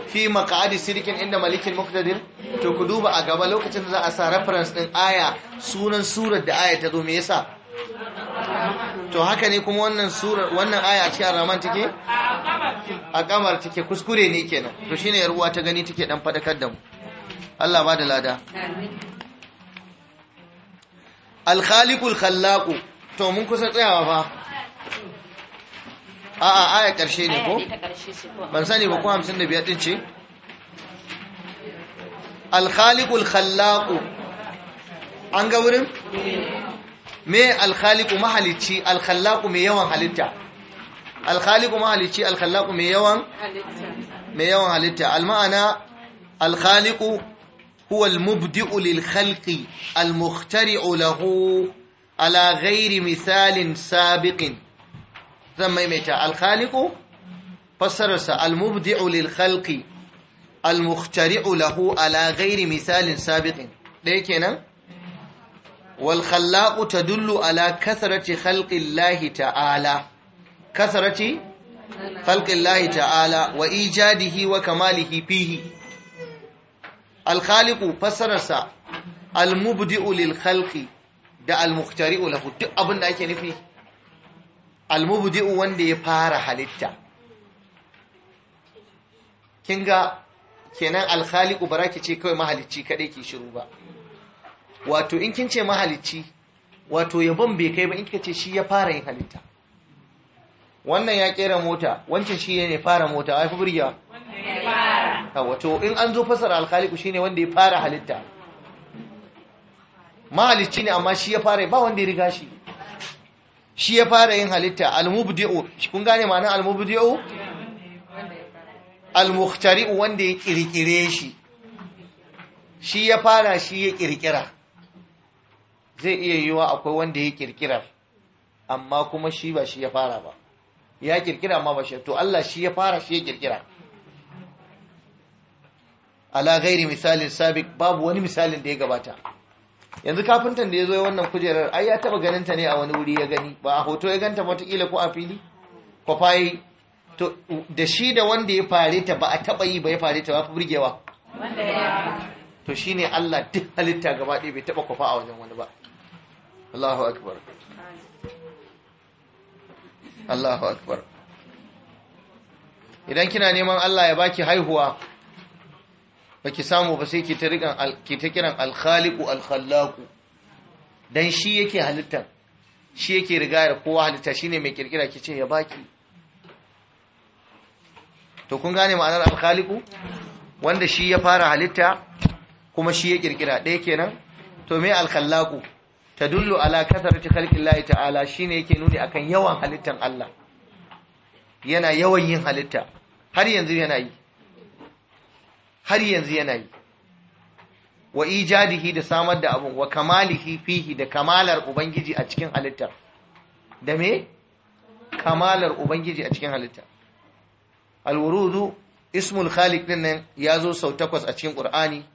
fi maqadi sirkin inda malikin muqtadir to ku duba a gaba lokacin da za a sa reference din aya sunan surar da aya ta zo me yasa to haka ne kuma wannan surar wannan aya a cikin arman a kamar take kuskure ne kenan to shine yar ta gani take dan fadakar da mu Allah ba da lada amin alkhalikul khallaku to mun kusa tsayawa fa a a aya karshe ne ko ban sani ba ko 55 din ce alkhalikul khallaku an ga wurin me alkhaliku mahalicci alkhallaku mai yawan halitta alkhaliku mahalicci alkhallaku mai yawan halitta mai yawan halitta alma'ana alkhaliku هو المبدئ للخلق المخترع له على غير مثال سابق ثم ميتا الخالق فسرس المبدع للخلق المخترع له على غير مثال سابق لكن والخلاق تدل على كثرة خلق الله تعالى كثرة خلق الله تعالى وإيجاده وكماله فيه alkhaliku fassararsa almubdi'u lil khalqi da almuhtari'u lahu duk abin da ake nufi almubdi'u wanda ya fara halitta kinga kenan alkhaliku baraki ce kawai mahalicci kadai ke shiru ba wato in kin ce mahalicci wato yabon bai kai ba in kika ce shi ya fara yin halitta wannan ya kera mota wancan shi ne fara mota ai fa fara wato in an zo fasara alkhaliku shine wanda ya fara halitta mahalicci ne amma shi ya fara ba wanda ya riga shi shi ya fara yin halitta almubdi'u kun gane ma'anar almubdi'u almukhtari'u wanda ya kirkire shi shi ya fara shi ya kirkira zai iya yiwa akwai wanda ya kirkira amma kuma shi ba shi ya fara ba ya kirkira amma ba shi to Allah shi ya fara shi ya kirkira ala gairi misalin Sabik babu wani misalin da ya gabata yanzu kafintan da ya zo wannan kujerar ai ya taba ganin ta ne a wani wuri ya gani ba a hoto ya ganta watakila ko a fili kwafayi to da shi da wanda ya fare ta ba a taba yi ba ya fare ta ba fi burgewa to shi ne Allah duk halitta gaba ɗaya bai taba kwafa a wajen wani ba Allahu akbar Allahu akbar idan kina neman Allah ya baki haihuwa baki samu ba sai ki ta kiran alkhaliku alkhallaku dan shi yake halittar shi yake rigayar kowa halitta shi ne mai kirkira ki ce ya baki to kun gane ma'anar alkhaliku wanda shi ya fara halitta kuma shi ya kirkira ɗaya kenan to me alkhallaku tadullu ala kalkin layi ta'ala shi ne yake nuni akan yawan halittan Allah yana yawan yin halitta har yanzu yana yi har yanzu yana yi wa ijadihi da samar da abu. wa kamalihi fihi da kamalar ubangiji a cikin halitta da me kamalar ubangiji a cikin halitta alwurudu ismul khaliq din nan ya zo sau takwas a cikin qur'ani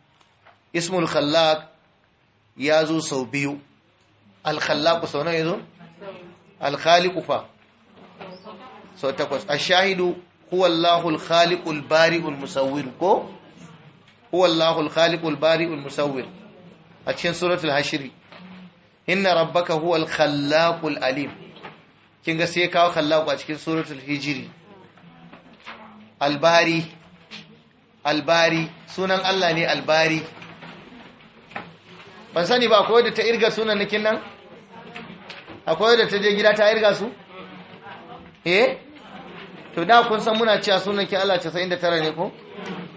ismul khallaq ya zo sau biyu al-khallaq sau nawa yazo al-khaliq fa sau takwas ashahidu huwallahu huwa khaliqul bari'ul musawwir ko huwa al-Bari'u al musawwir a cikin suratul hashiri inna rabbaka al-Khallaqu al alim kin ga sai kawo khallaqu a cikin suratul hijri albari albari sunan Allah ne albari ban sani ba akwai da ta irga sunan nakin nan akwai da ta je gida ta irga su eh to da kun san muna cewa sunan ki Allah 99 ne ko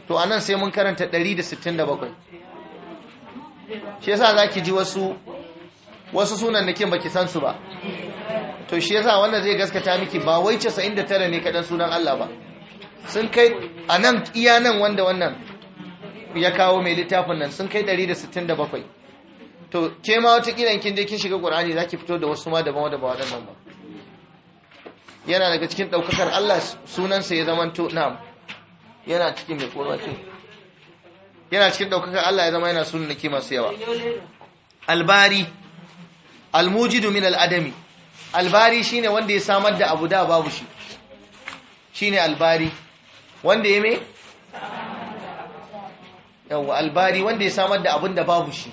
to a nan sai mun karanta 167 shi yasa ki ji wasu wasu sunan nakin baki san su ba to shi yasa wannan zai gaskata miki ba wai 99 ne kadan sunan Allah ba sun kai nan iya nan wanda wannan ya kawo mai littafin nan sun kai 167 to ke ma wata kiran kin je kin shiga Qur'ani zaki fito da wasu ma daban daban ba wadannan ba yana daga cikin daukakar Allah sunansa ya zamanto na'am yana cikin mai kowa yana cikin daukakar Allah ya zama yana sunnaki masu yawa albari almujidu min al'adami albari shi ne wanda ya samar da abu da babu shi shine albari wanda ya me yawa albari wanda ya samar da abin da babu shi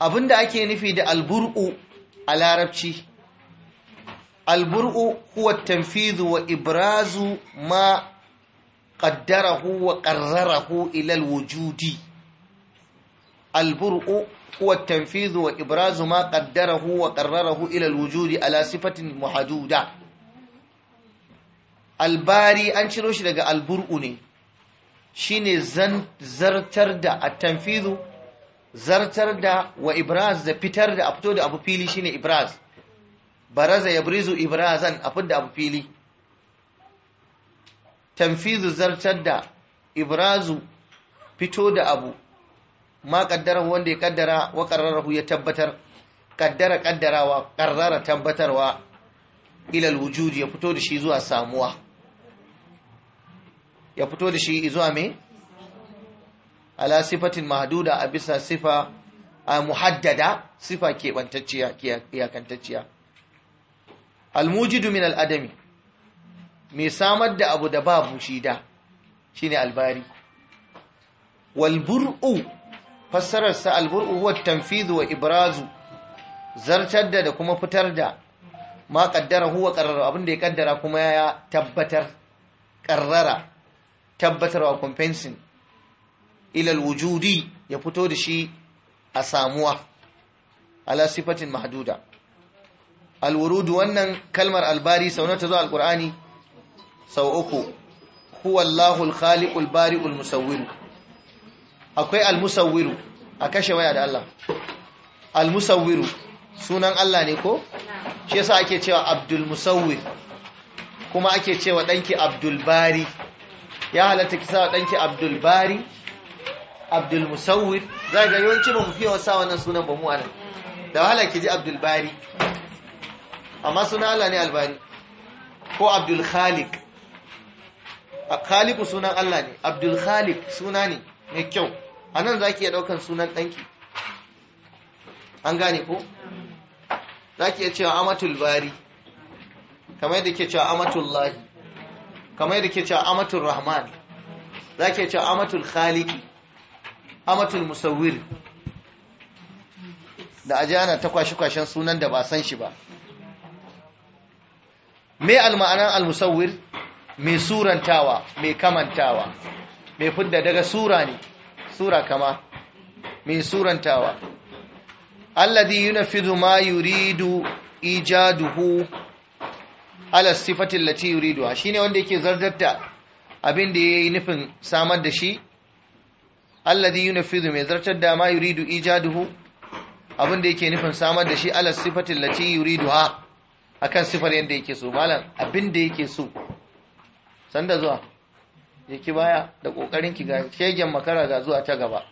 abin da ake nufi da albur'u a larabci albur'u huwa tanfidhu wa ibrazu ma qaddarahu wa qarrarahu ila alwujudi albur'u huwa tanfidhu wa ibrazu ma qaddarahu wa qarrarahu ila alwujudi ala sifatin muhaduda albari an ciro shi daga albur'u ne shine zartar da at-tanfidhu zartar da wa ibraz da fitar da a fito da abu fili shine ibraz baraza ya brizu ibrazan a fidda abu fili tanfizu zartar da ibrazu fito da abu ma kaddara wanda ya kaddara wa karrarahu ya tabbatar kaddara kaddarawa karrara tabbatarwa ilal wujudi ya fito da shi zuwa samuwa ya fito da shi zuwa mai? ala sifatin mahaduda, a bisa sifa a muhaddada sifa keɓantacciya iyakantacciya almujidu min al'adami mai samar da abu da babu shi da shi ne albari walbur'u fassararsa albur'u wa tanfidu wa ibrazu zartar da da kuma fitar da ma kaddara huwa karrara abinda ya kaddara kuma ya tabbatar karrara tabbatarwa compensing ilal wujudi ya fito da shi a samuwa ala sifatin mahduda alwurudu wannan kalmar albari sau ta zo alkur'ani sau uku huwallahu alkhaliqul bari'ul musawwir akwai almusawiru, a kashe waya da Allah Almusawiru, sunan Allah ne ko shi yasa ake cewa abdul musawwir kuma ake cewa danki abdul bari ya halatta kisa danki abdul bari abdul musawwir zaka yawanci ba mu fiye wasa wannan sunan ba mu anan da wahala ki ji abdul bari amma suna Allah ne albani ko abdul khalik khaliku sunan Allah ne abdul khalik suna ne mai kyau a nan za ki iya ɗaukan sunan ɗanki an gane ko za ki iya cewa amatul bari kamar yadda ke cewa amatul lahi kamar yadda ke cewa amatul rahman za ki iya cewa amatul khaliki amatul musawwir da ajiyana ta kwashi-kwashen sunan da ba san shi ba me alma'anan almusawwir mai surantawa mai kamantawa mai fidda daga sura ne sura kama mai surantawa alladhi yunafidhu ma yuridu ijaduhu ala sifatin lati yuridu shine wanda yake zartar da abin da yayi nufin samar da shi alladhi yunafidhu mai zartar da ma yuridu ijaduhu abin da yake nufin samar da shi ala sifatin lati ha. akan sifar yadda yake so malam abin da yake so sanda zuwa yake baya da kokarin ki ga shegen makara ga zuwa ta gaba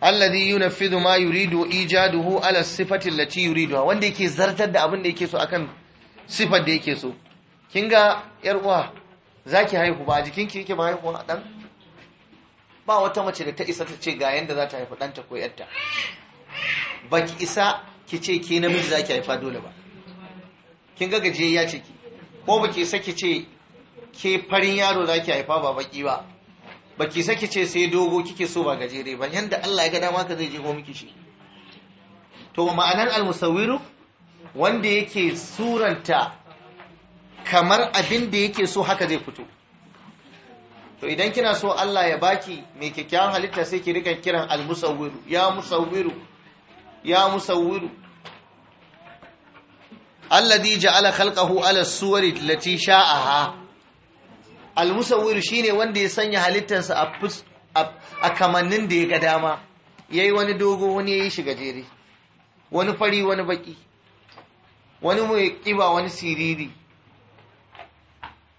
alladhi yunaffidu ma yuridu ijaduhu ala sifati allati yuridu wanda yake zartar da abin da yake so akan sifar da yake so kin ga yar uwa zaki haihu ba jikin ki, yake ba haihuwa dan ba wata mace da ta isa ta ce ga yanda za ta haifi danta ko yarta baki isa ki ce ke namiji za ki haifa dole ba kin ga gaje ya ce ki ko ba ki saki ce ke farin yaro za ki haifa ba baki ba ba ki saki ce sai dogo kike so ba gajere ba yanda Allah ya ga dama ka zai jego miki shi to ma'anar almusawiru wanda yake suranta kamar abin da yake so haka zai fito to idan kina so Allah ya baki mai kyakkyawan halitta sai ki rika kiran almusawiru ya musawwiru ya musawwiru alladhi ja'ala khalqahu ala suwari lati sha'aha al-musawwir shine wanda ya sanya halittarsa a a kamannin da ya ga dama yayi wani dogo wani yayi shi gajere wani fari wani baki wani mai kiba wani siriri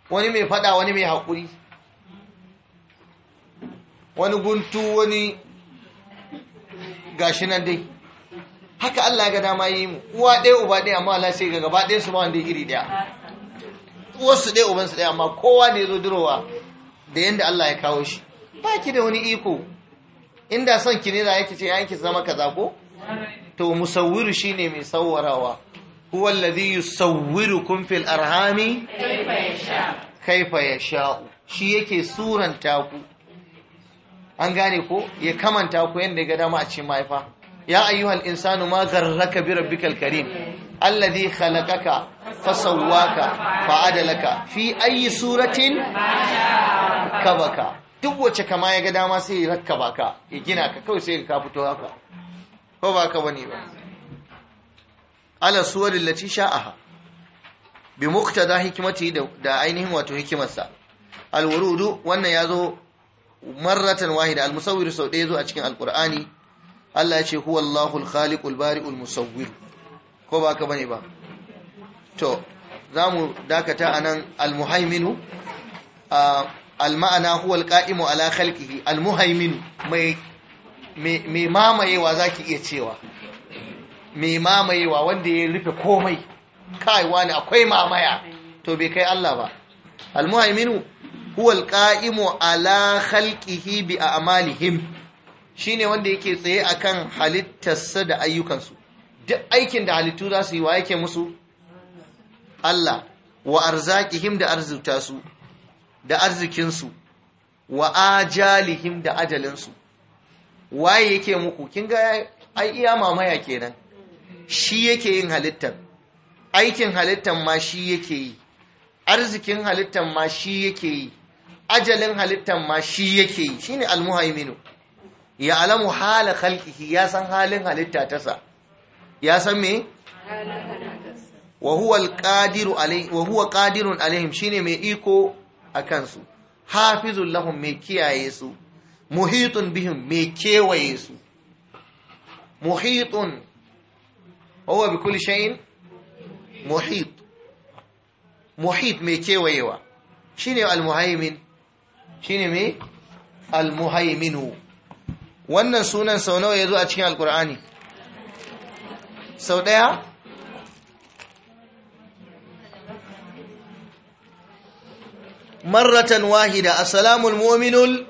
wani mai fada wani mai hakuri wani guntu wani gashi nan dai haka Allah ya ga dama yi mu uwa ɗaya uba ɗaya amma Allah sai ga gaba ɗaya su ma wanda iri ɗaya su ɗaya ubansu ɗaya amma kowa ne ya zo durowa da yadda Allah ya kawo shi ba ki da wani iko inda son ki ne da yake ce yanki zama kaza ko to musawwiru shine mai sawwarawa huwa alladhi yusawwirukum fil arhami kaifa yasha kayfa yasha shi yake suranta ku an gane ko ya kamanta ku yanda ga dama a cikin mahaifa ya ayyuhal insanu ma gharraka bi rabbikal karim alladhi khalaqaka fasawwaka fa'adalaka fi ayi suratin kabaka duk wacce kama ya ga dama sai ya rakka baka ya gina ka kawai sai ka fito haka ko ba ka bane ba ala suwar lati sha'aha bi muqtada hikmati da ainihin wato hikimarsa alwurudu wannan yazo marratan wahida almusawwir sau ɗaya zo a cikin alqur'ani Allah ya ce huwa Allahul khaliqul bari'ul musawwir ko ba ka bane ba to zamu dakata anan al alma'ana huwa qa'imu ala khalqihi almuhaiminu mai mai mamayewa zaki iya cewa mai mamayewa wanda ya rufe komai kai wani akwai mamaya to bai kai Allah ba almuhaiminu huwa qa'imu ala khalqihi bi a'malihim shine wanda yake tsaye a kan halittarsa da ayyukansu duk aikin da halittu za su yi wa yake musu Allah wa arzakihim da arzuta da arzikinsu wa ajalihim da ajalinsu waye yake muku kin ga ai iya mamaya kenan shi yake yin halittar aikin halittar ma shi yake yi arzikin halittar ma shi yake yi ajalin halittar ma shi yake yi shine almuhaiminu ya alamu hala khalqihi ya san halin halitta tasa ya san me wa huwa alqadiru alai wa huwa qadirun alaihim shine mai iko akan su hafizul lahum mai kiyaye su muhitun bihim mai kewaye su muhitun huwa bi kulli shay'in muhit muhit mai kewayewa shine almuhaimin shine mai almuhaiminu wannan sunan sau nawa ya zo a cikin alkur'ani sau ɗaya marratan wahida assalamul mu'minul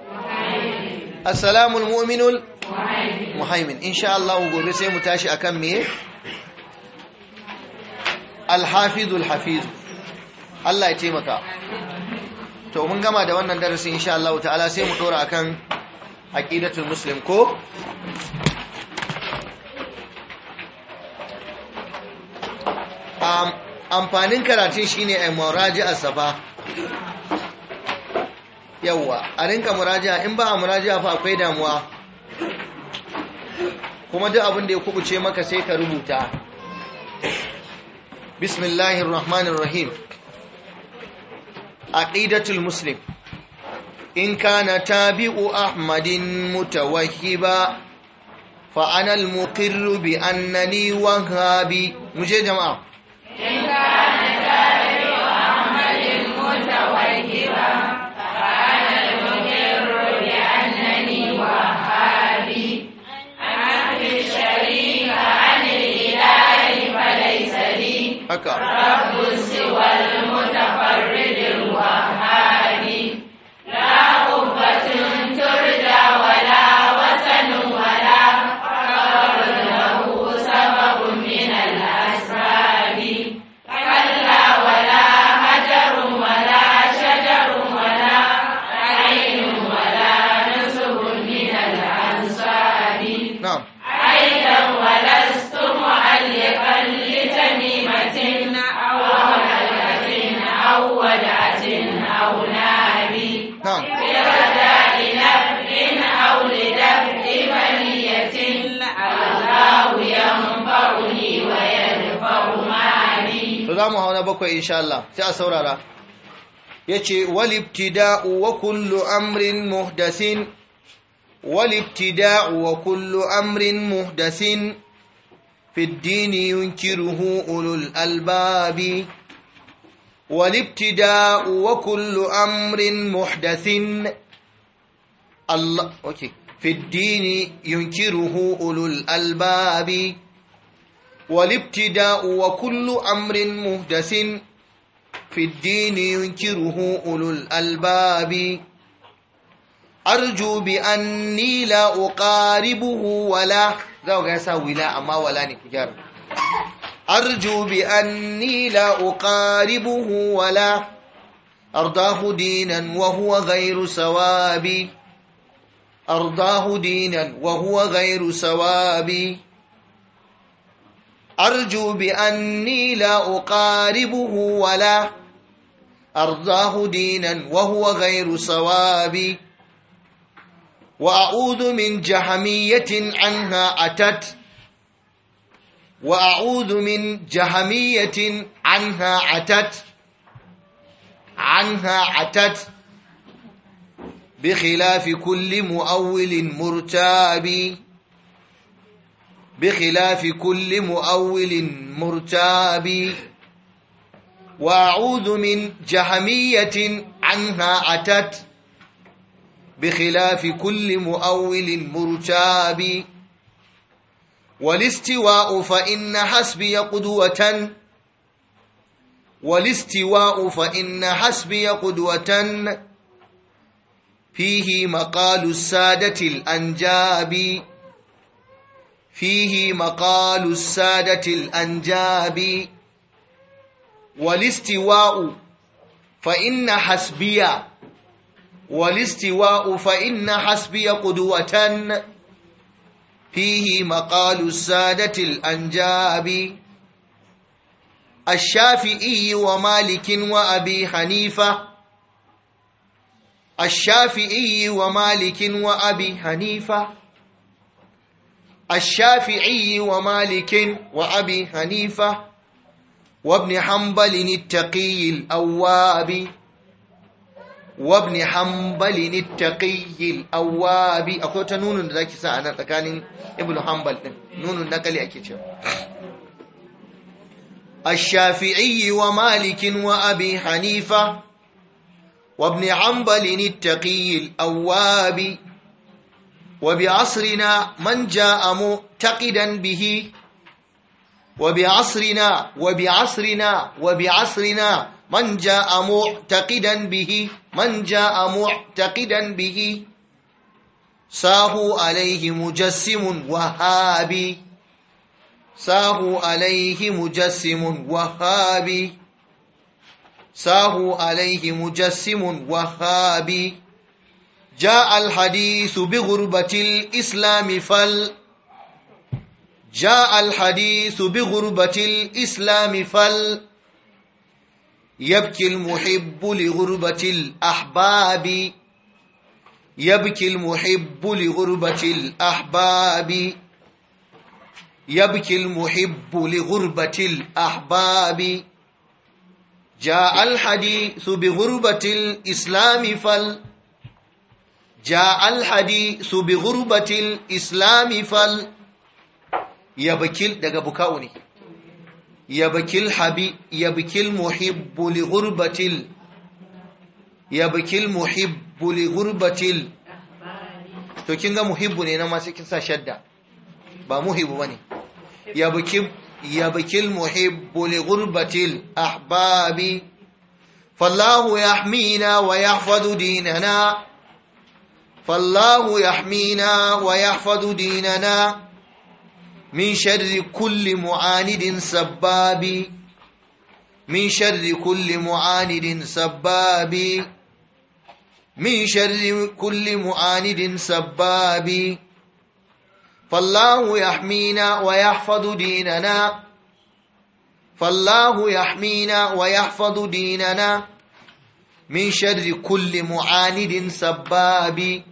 assalamul mu'minul muhaimin insha Allah gobe sai mu tashi akan meye alhafizul hafiz Allah ya taimaka to mun gama da wannan darasin insha Allah ta'ala sai mu dora akan aqidatul muslim ko amfanin karatu shine ai muraji'a safa yawa a rinka muraji'a in ba a muraji'a fa akwai damuwa kuma duk abin da ya kubuce maka sai ka rubuta bismillahir rahmanir rahim aqidatul muslim in kana tabi'u ahmadin mutawahhiba fa ana al-muqirru bi annani wahhabi muje jama'a in kana tabi'u ahmadin mutawahhiba fa ana al-muqirru bi annani wahhabi anfi sharika anil ilahi fa laysa li haka insha Allah sai a saurara yace walibtida'u wa kullu amrin muhdathin walibtida'u wa kullu amrin muhdathin fi ad-din yunkiruhu ulul albabi والابتداء وكل أمر محدث الله أوكي في الدين ينكره أولو الألباب والابتداء وكل amrin مهدس في الدين ينكره أولو الألباب أرجو بأني لا أقاربه ولا ذوق غيسا ولا أما ولا نكجار أرجو بأني لا أقاربه ولا أرضاه دينا وهو غير سواب أرضاه دينا وهو غير سواب أرجو بأني لا أقاربه ولا أرضاه دينا وهو غير صواب وأعوذ من جهمية عنها أتت وأعوذ من جهمية عنها أتت عنها أتت بخلاف كل مؤول مرتاب بخلاف كل مؤول مرتاب وأعوذ من جهمية عنها أتت بخلاف كل مؤول مرتاب والاستواء فإن حسبي قدوة والاستواء فإن حسبي قدوة فيه مقال السادة الأنجاب فيه مقال السادة الأنجاب والاستواء فإن حسبي والاستواء فإن حسبي قدوة فيه مقال السادة الأنجاب الشافعي ومالك وأبي حنيفة الشافعي ومالك وأبي حنيفة الشافعي ومالك وأبي حنيفة وابن حنبل التقي الأواب وابن حنبل التقي الأواب أقول تنون ذاك ساعة كان ابن حنبل نون نقلي أكيد الشافعي ومالك وأبي حنيفة وابن حنبل التقي الأواب وبعصرنا من جاء مؤتقدا به وبعصرنا وبعصرنا وبعصرنا من جاء معتقدا به من جاء معتقدا به ساه عليه مجسم وهابي ساه عليه مجسم وهابي ساه عليه مجسم وهابي جاء الحديث بغربة الإسلام فال جاء الحديث بغربة الإسلام فل يبكي المحب لغربة الأحباب يبكي المحب لغربة الأحباب يبكي المحب لغربة الأحباب جاء الحديث بغربة الإسلام فل جاء الحديث بغربة الإسلام فل yabkil daga buka'u ne yabkil habi yabkil muhibbu li ghurbatil ghurbatil to kin ga muhibbu ne na ma sai kin sa shadda ba muhibbu bane yabkil yabkil muhibbu li ghurbatil ahbabi فالله يحمينا ويحفظ ديننا فالله يحمينا ويحفظ ديننا من شر كل معاند سباب من شر كل معاند سباب من شر كل معاند سباب فالله يحمينا ويحفظ ديننا فالله يحمينا ويحفظ ديننا من شر كل معاند سباب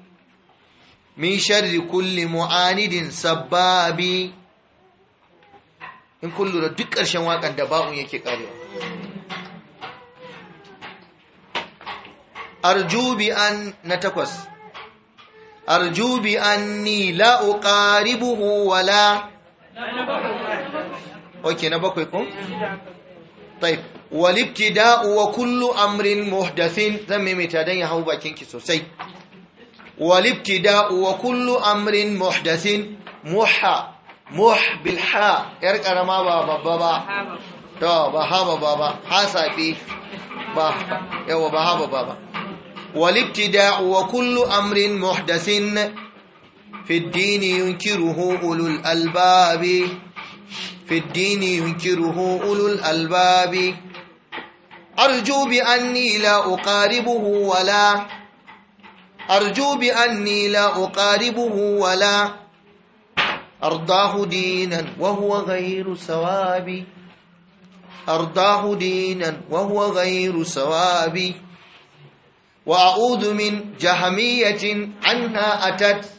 من شر كل معاند سبابي in kun lura duk ƙarshen waƙan da ba'un yake ƙarewa arjubi an na takwas arjubi an ni la'uƙaribuhu wala ok na bakwai kun? taif da'u wa kullu amrin muhdathin zan maimaita don ya hau bakinki sosai da'u wa kullu amrin muhdathin muha موح بالحاء يرك انا ما بابا بابا تو to بابا haba ba ba ha بابا بابا والابتداء وكل أمر محدث في الدين ينكره أولو الألباب في الدين ينكره أولو الألباب أرجو بأني لا أقاربه ولا أرجو بأني لا أقاربه ولا أرضاه دينا وهو غير سوابي أرضاه دينا وهو غير سوابي وأعوذ من جهمية عنها أتت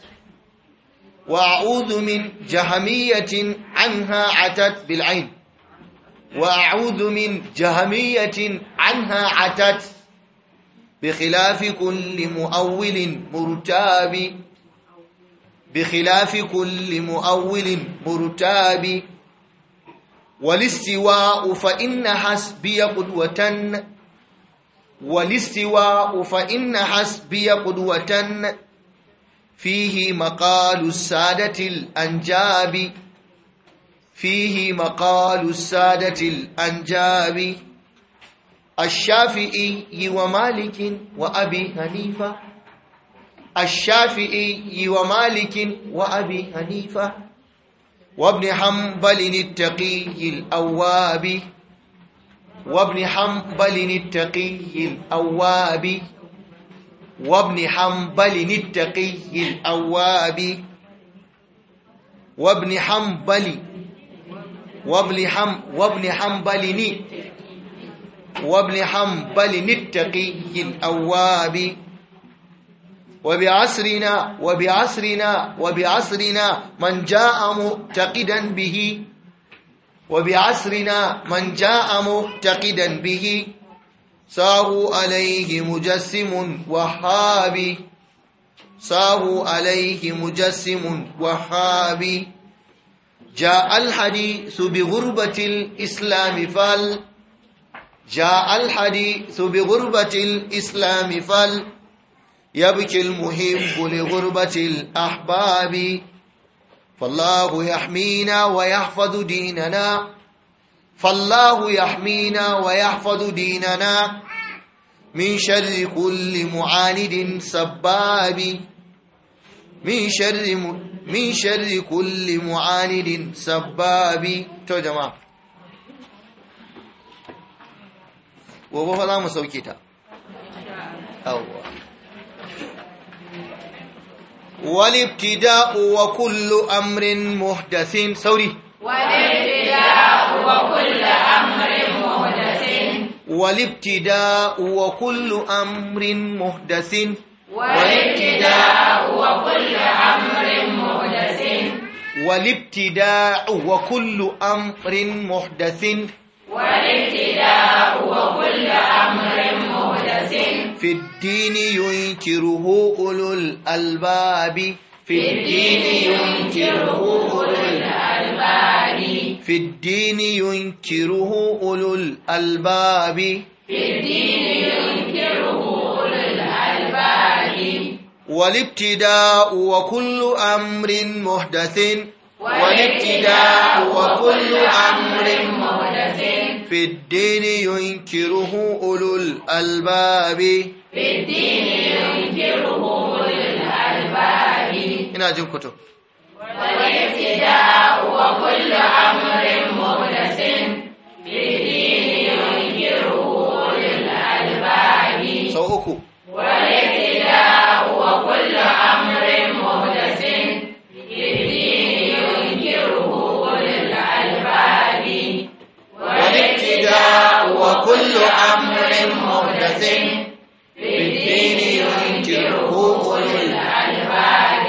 وأعوذ من جهمية عنها أتت بالعين وأعوذ من جهمية عنها أتت بخلاف كل مؤول مرتاب بخلاف كل مؤول مرتاب والاستواء فإن حسبي قدوة والاستواء فإن حسبي قدوة فيه مقال السادة الأنجاب فيه مقال السادة الأنجاب الشافعي ومالك وأبي حنيفة الشافعي ومالك وأبي حنيفة وابن حنبل التقي الأواب وابن حنبل التقي الأواب وابن حنبل التقي الأواب وابن حنبل وابن حم وابن حنبل وابن حنبل التقي الأواب وبعصرنا وبعصرنا وبعصرنا من جاء متقدا به وبعصرنا من جاء متقدا به ساروا عليه مجسم وهابي ساروا عليه مجسم وهابي جاء الحديث بغربة الإسلام فال جاء الحديث بغربة الإسلام فال يبكي المهيب لغربة الأحباب فالله يحمينا ويحفظ ديننا فالله يحمينا ويحفظ ديننا من شر كل معاند سباب من شر من شر كل معاند سباب تو جماعه gobe fa za والابتداء وكل أمر محدث سوري والابتداء وكل أمر محدث والابتداء وكل أمر محدث والابتداء وكل أمر محدث والابتداء وكل أمر محدث والابتداء وكل أمر محدث في الدين ينكره أولو الألباب في الدين ينكره أولو الألباب في الدين ينكره أولو الألباب في الدين ينكره أولو الألباب والابتداء وكل أمر محدث والابتداء وكل أمر محدث في الدين ينكره أولو الألباب في الدين ينكره أولو الألباب هنا جم كتب والابتداء وكل أمر مهدس في الدين ينكره أولو الألباب سوء والابتداء وكل أمر أمر محدث بالدين ينكره أولي الألباب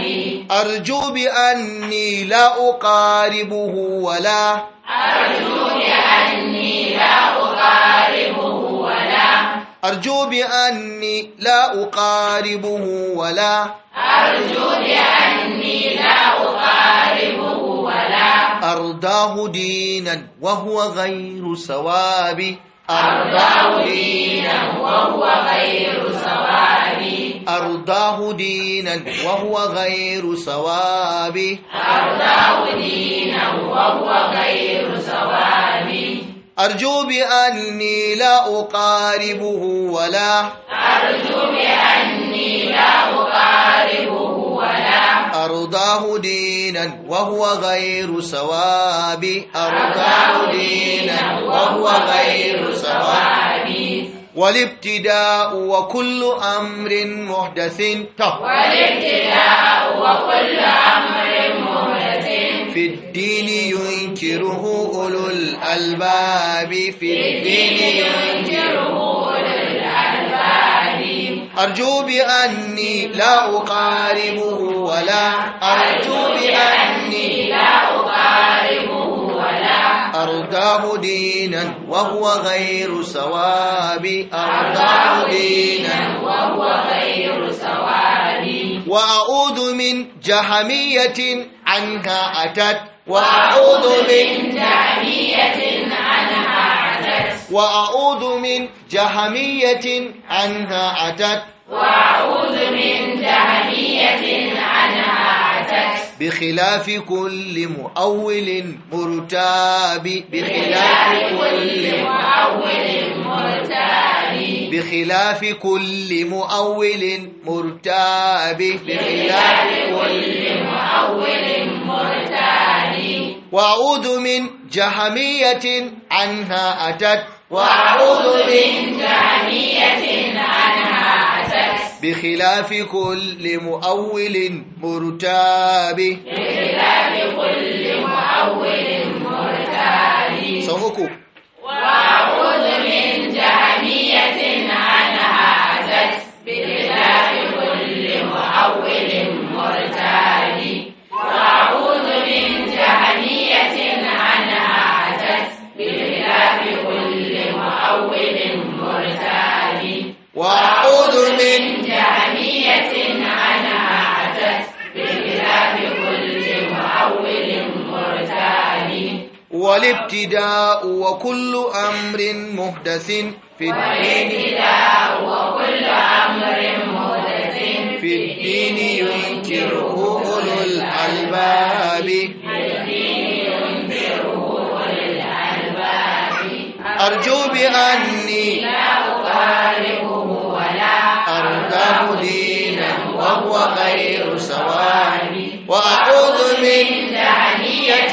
أرجو بأني لا أقاربه ولا أرجو بأني لا أقاربه ولا أرجو بأني لا أقاربه ولا أرجو بأني لا أقاربه ولا أرضاه دينا وهو غير سوابي أرضاه دينا وهو غير سوابي أرضاه دينا وهو غير سوابي أرضاه دينا وهو غير أرجو بأني لا أقاربه ولا أرجو بأني لا أقاربه ولا أرضاه دينا وهو غير سوابي أرضاه دينا وهو غير والابتداء وكل أمر محدث والابتداء وكل أمر محدث في الدين ينكره أولو الألباب في الدين ينكره أولو الألباب أرجو بأني لا أقاربه ولا أرجو بأني أرضاه دينا وهو غير سواب أرضاه دينا وهو غير سواب وأعوذ من جهمية عنها أتت وأعوذ من جهمية عنها أتت وأعوذ من جهمية عنها أتت وأعوذ من جهمية عنها أتت بخلاف كل مؤول مرتاب بخلاف كل مؤول مرتاب بخلاف كل مؤول مرتاب بخلاف كل مؤول مرتاب وأعوذ من جهمية عنها أتت وأعوذ من جهمية عنها بخلاف كل مؤول مرتاب بخلاف كل مؤول مرتاب صومكو وأعوذ من جهنية عنها أتت بخلاف كل مؤول مرتاب وأعوذ من جهنية عنها أتت بخلاف كل مؤول مرتاب وأعوذ والابتداء وكل أمر مهدث في والابتداء وكل أمر مهدث في الدين ينكره أولو الألباب أرجو بأني لا أخالفه ولا أرتاب دينا وهو غير سواني وأعوذ من دعنية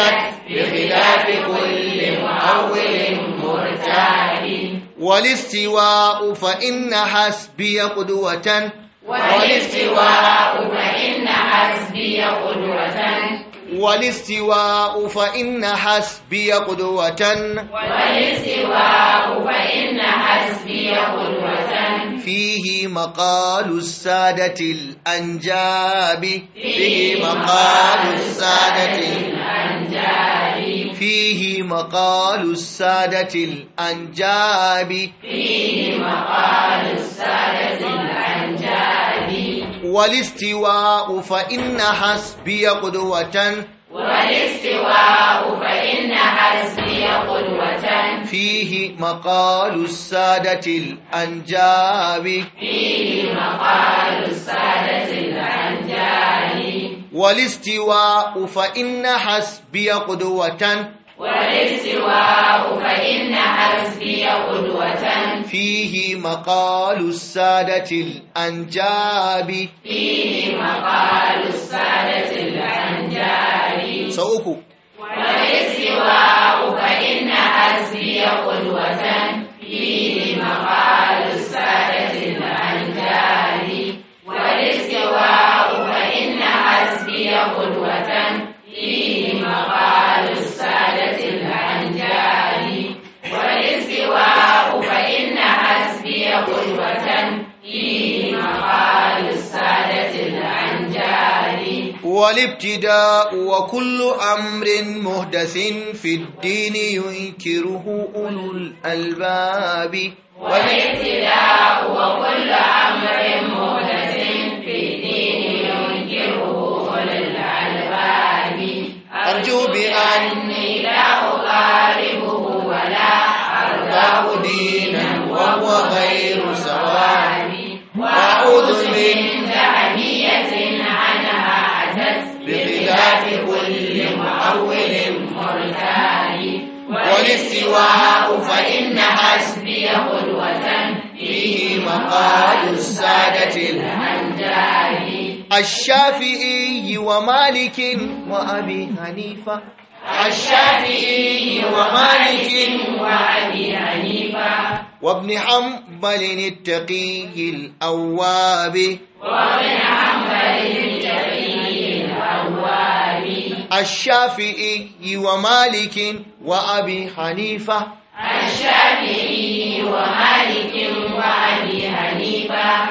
وجدت بخلاف كل مؤول مرتاح والاستواء فإن حسبي قدوة والاستواء فإن حسبي قدوة والاستواء فإن حسبي قدوة والاستواء فإن حسبي قدوة فيه مقال السادة الأنجاب فيه مقال السادة الأنجاب فيه مقال السادة الأنجاب فيه مقال السادة الأنجاب والاستواء فإن حسبي قدوة والاستواء فإن حسبي قدوة فيه مقال السادة الأنجاب فيه مقال السادة الأنجاب والاستواء فإن حسبي قدوة والاستواء فإن حزبي قدوة فيه مقال السادة الأنجاب فيه مقال السادة الأنجاب سوكو والاستواء فإن حزبي قدوة فيه والابتداء وكل أمر مهدث في الدين ينكره أولو الألباب والابتداء وكل أمر مهدث في الدين ينكره أولو الألباب أرجو بأني لا أقاربه ولا أرضاه دينا وهو غير سواب وأعوذ من دعمية بذات كل معول مرتان والاستواء فإن حسبي قدوة فيه مقال السادة الهنجان الشافعي ومالك وأبي حنيفة الشافعي ومالك وأبي حنيفة وابن حنبل التقي الأواب وابن حنبل الشافعي ومالك وأبي حنيفة الشافعي ومالك وأبي حنيفة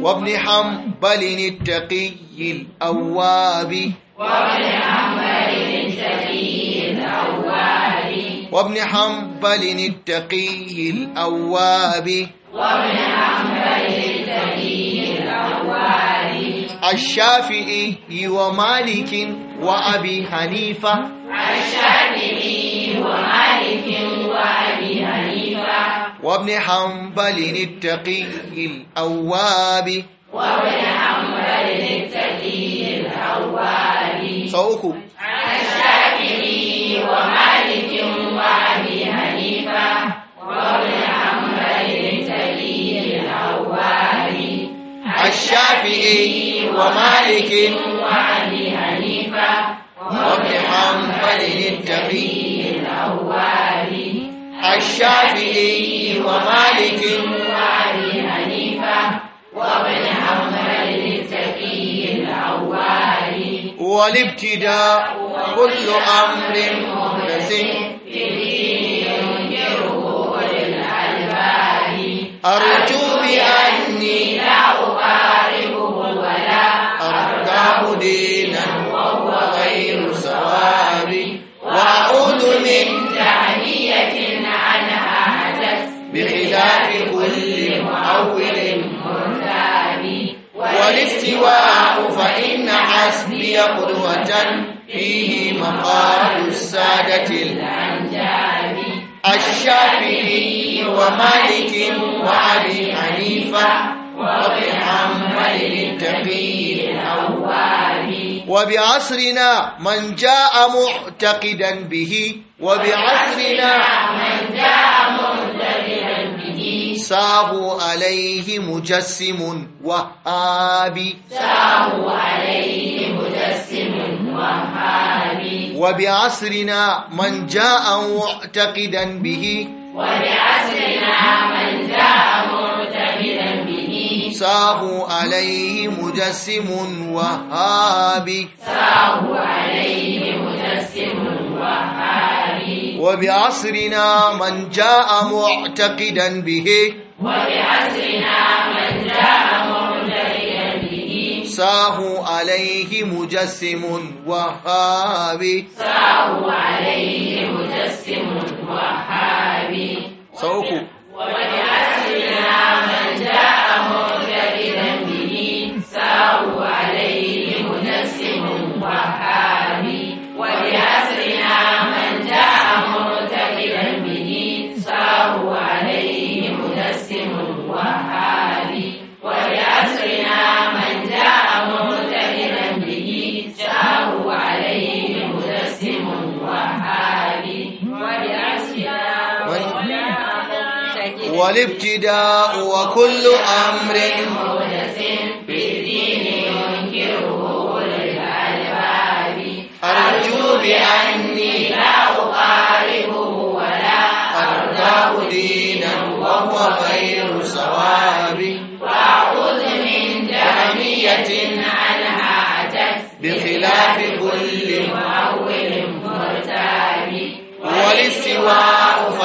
وابن حنبل التقي الأوابي وابن حنبل التقي الأوابي وابن حنبل التقي الأوابي وابن حنبل التقي الشافعي ومالك وأبي حنيفة عن شافعي ومالك وأبي حنيفة وابن حنبل التقي الأواب وابن حنبل التقي الأواب سوكو عن شافعي ومالك وأبي حنيفة وابن الشافعي ومالك وعلي حنيفة حنبل التقي الأول الشافعي ومالك وعلي حنيفة وابن حنبل التقي الأول والابتداء كل أمر محدث أرجو بأني سواه فإن حسبي قدوة فيه مقال السادة الأنجاب الشافعي ومالك وأبي حنيفة وبحمد التقي الأواب وبعصرنا من جاء معتقدا به وبعصرنا من جاء معتقدا ساه عليه مجسم وهابي ساه عليه مجسم وهابي وبعصرنا من جاء معتقدا به وبعصرنا من جاء معتقدا به ساه عليه مجسم وهابي ساه عليه مجسم وهابي وبعصرنا من جاء معتقدا به وبعصرنا من جاء معتقدا به ساه عليه مجسم وهابي ساه عليه مجسم وهابي سوكو وبعصرنا من جاء معتقدا به ساه والابتداء وكل أمر محدث في الدين ينكره للألباب أرجو بأني لا أقاربه ولا أرضاه دينا وهو غير صواب وأعوذ من جهمية عنها أتت بخلاف كل مؤول مرتاب والاستواء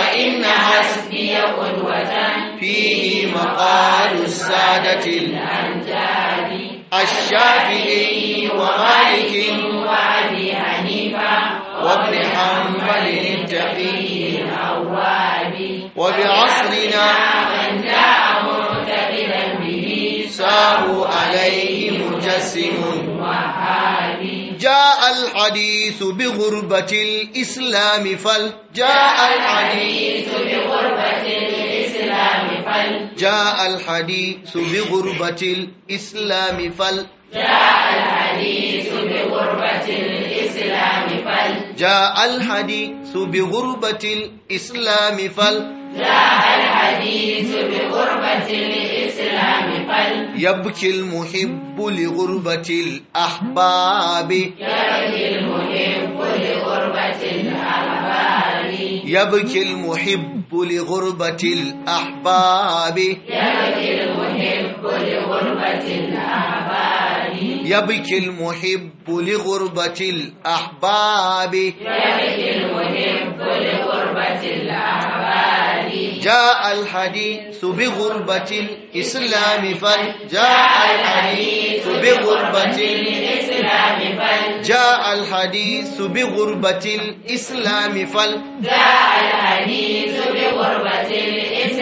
فإن حسبي قدوة فيه مقال السادة الأمجاد الشافعي ومالك وأبي حنيفة وابن حنبل التقي الأواب وبعصرنا من جاء مرتدلا به ساروا عليه مجسم وحاد جاء الحديث بغربة الإسلام فل جاء الحديث بغربة الإسلام فل جاء الحديث بغربة الإسلام فل جاء الحديث بغربة الإسلام فل جاء الحديث بغربة الإسلام فل جاء الحديث بغربة الإسلام فل يبكي المحب لغربة الأحباب يبكي المحب لغربة الأحباب يبكي المحب لغربة الأحباب يبكي المحب لغربة الأحباب يبكي المحب لغربة الأحباب يبكي المحب لغربة الأحباب جاء الحديث بغربة الإسلام فل جاء الحديث بغربة الإسلام فل جاء الحديث بغربة الإسلام فل جاء الحديث بغربة الإسلام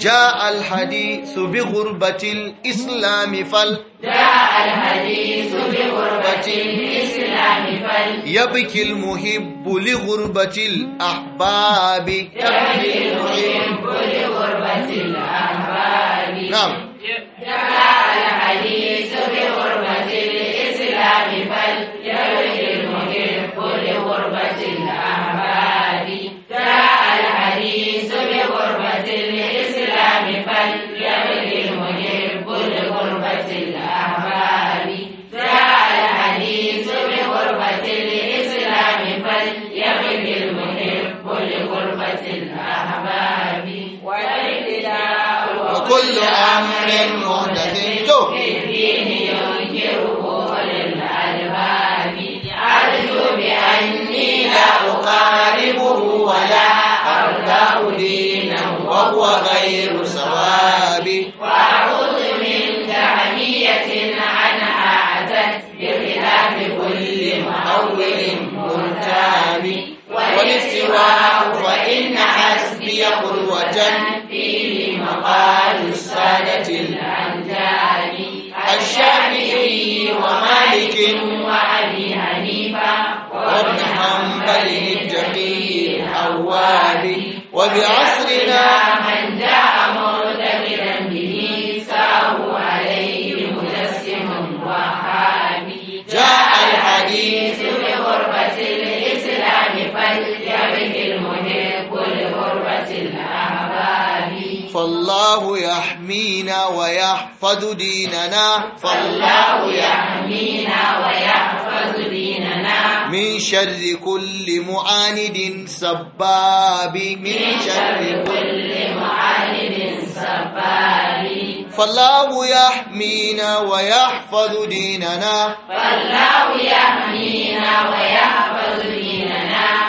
جاء الحديث بغربة الإسلام فل جاء الحديث بغربة الإسلام فل يبكي المحب لغربة الأحباب يبكي المحب لغربة الأحباب نعم جاء الحديث وكل أمر مهدد وإن ينكره للألباب أرجو بأني لا أقاربه ولا وهو غير صواب من عنها بخلاف كل مرتاب فإن حسبي قدوة ومالك وأبي حنيفة الحوادي وبعصرنا فالله يحمينا ويحفظ ديننا فالله يحمينا ويحفظ ديننا من شر كل معاند سباب من شر كل معاند سباب فالله يحمينا ويحفظ ديننا فالله يحمينا ويحفظ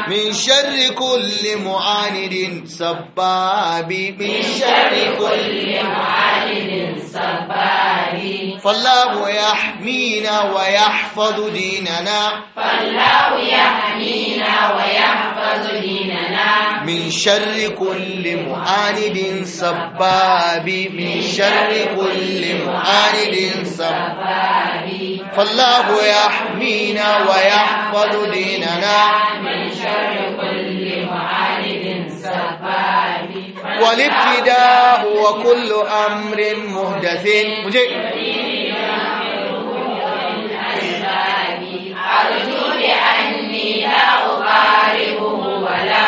من شر كل معاند سباب من شر كل معاند سباب فالله يحمينا ويحفظ ديننا فالله يحمينا ويحفظ ديننا من شر كل معاند سباب من شر كل معاند سباب فالله يحمينا ويحفظ ديننا من شر والابتداء وكل أمر مهدث مجيء أرجو لأني لا أقاربه ولا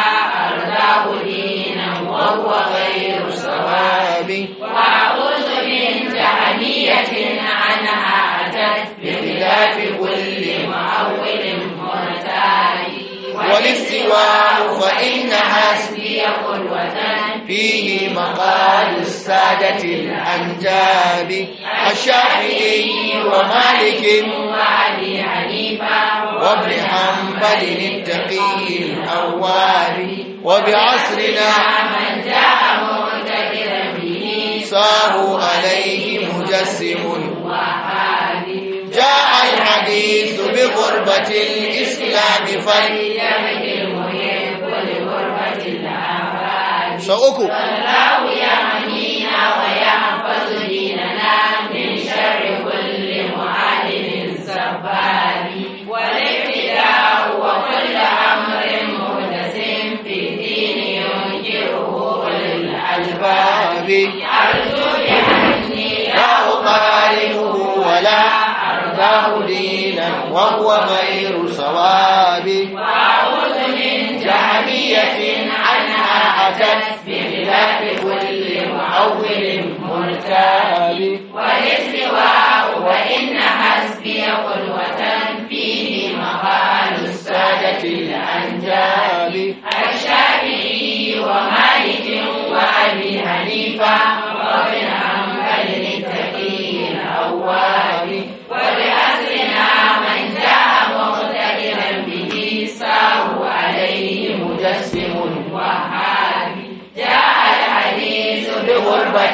أرضاه دينا وهو غير صواب وأعوذ من جهمية عنها أتت بخلاف كل معول والاستواء فإن حسبي قلوة فيه مقال السادة الأنجاب الشافعي ومالك وعلي حنيفة وابن حنبل التقي الأوال وبعصرنا من جاء معتذرا به صاروا عليه مجسم وحال جاء الحديث بغربة الإسلام فليمهل محب لغربة الآباء سأكو والله يحمينا ويحفظ ديننا من شر كل معلم سباب والابتلاء وكل أمر محدث في الدين ينكره للألباب أرجو بأني لا أطالبه ولا الله دينا وهو غير صواب وأعوذ من جهمية عنها أتت بخلاف كل مؤول مرتاب والاستواء وإن حسبي قدوة فيه مقال السادة الأنجاب الشافعي ومالك وأبي حنيفة وابن حنبل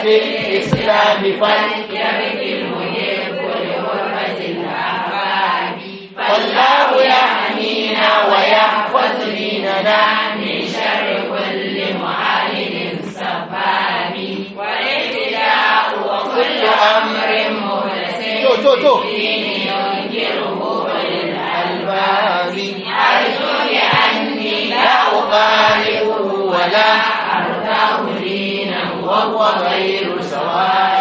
بالإسلام الإسلام فليبت المنيب لغربة الأحباب فالله يحمينا ويحفظ ديننا من شر كل معارض سباب والابتلاء وكل أمر مهلك الدين ينكره للألباب أرجو بأني لا أخالف ولا one.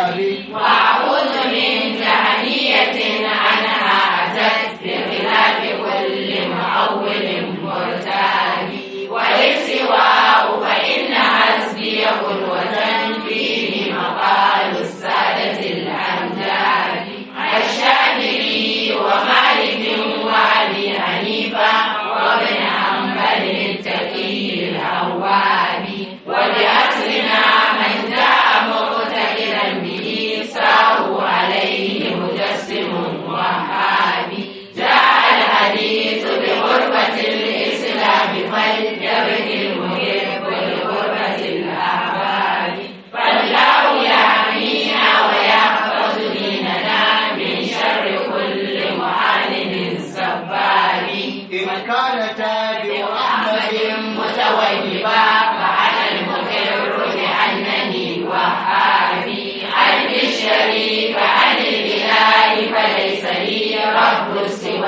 God would save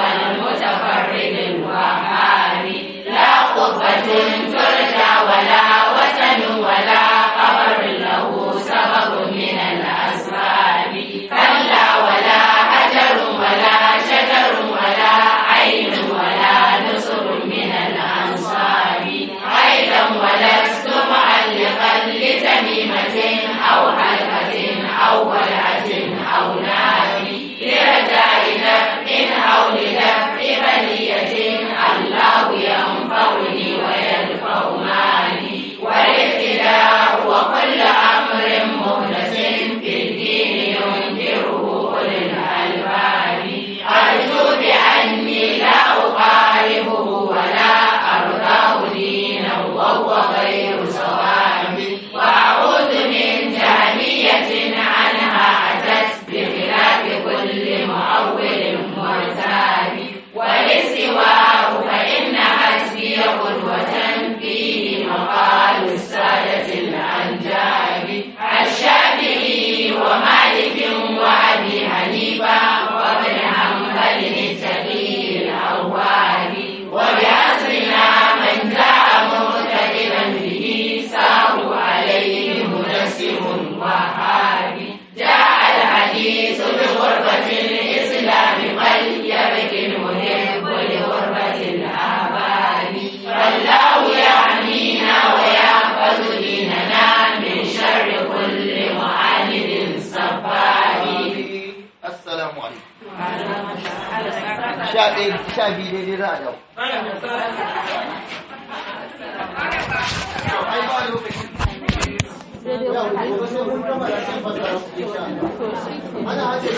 လိုက်ပြီးဒေသရောက်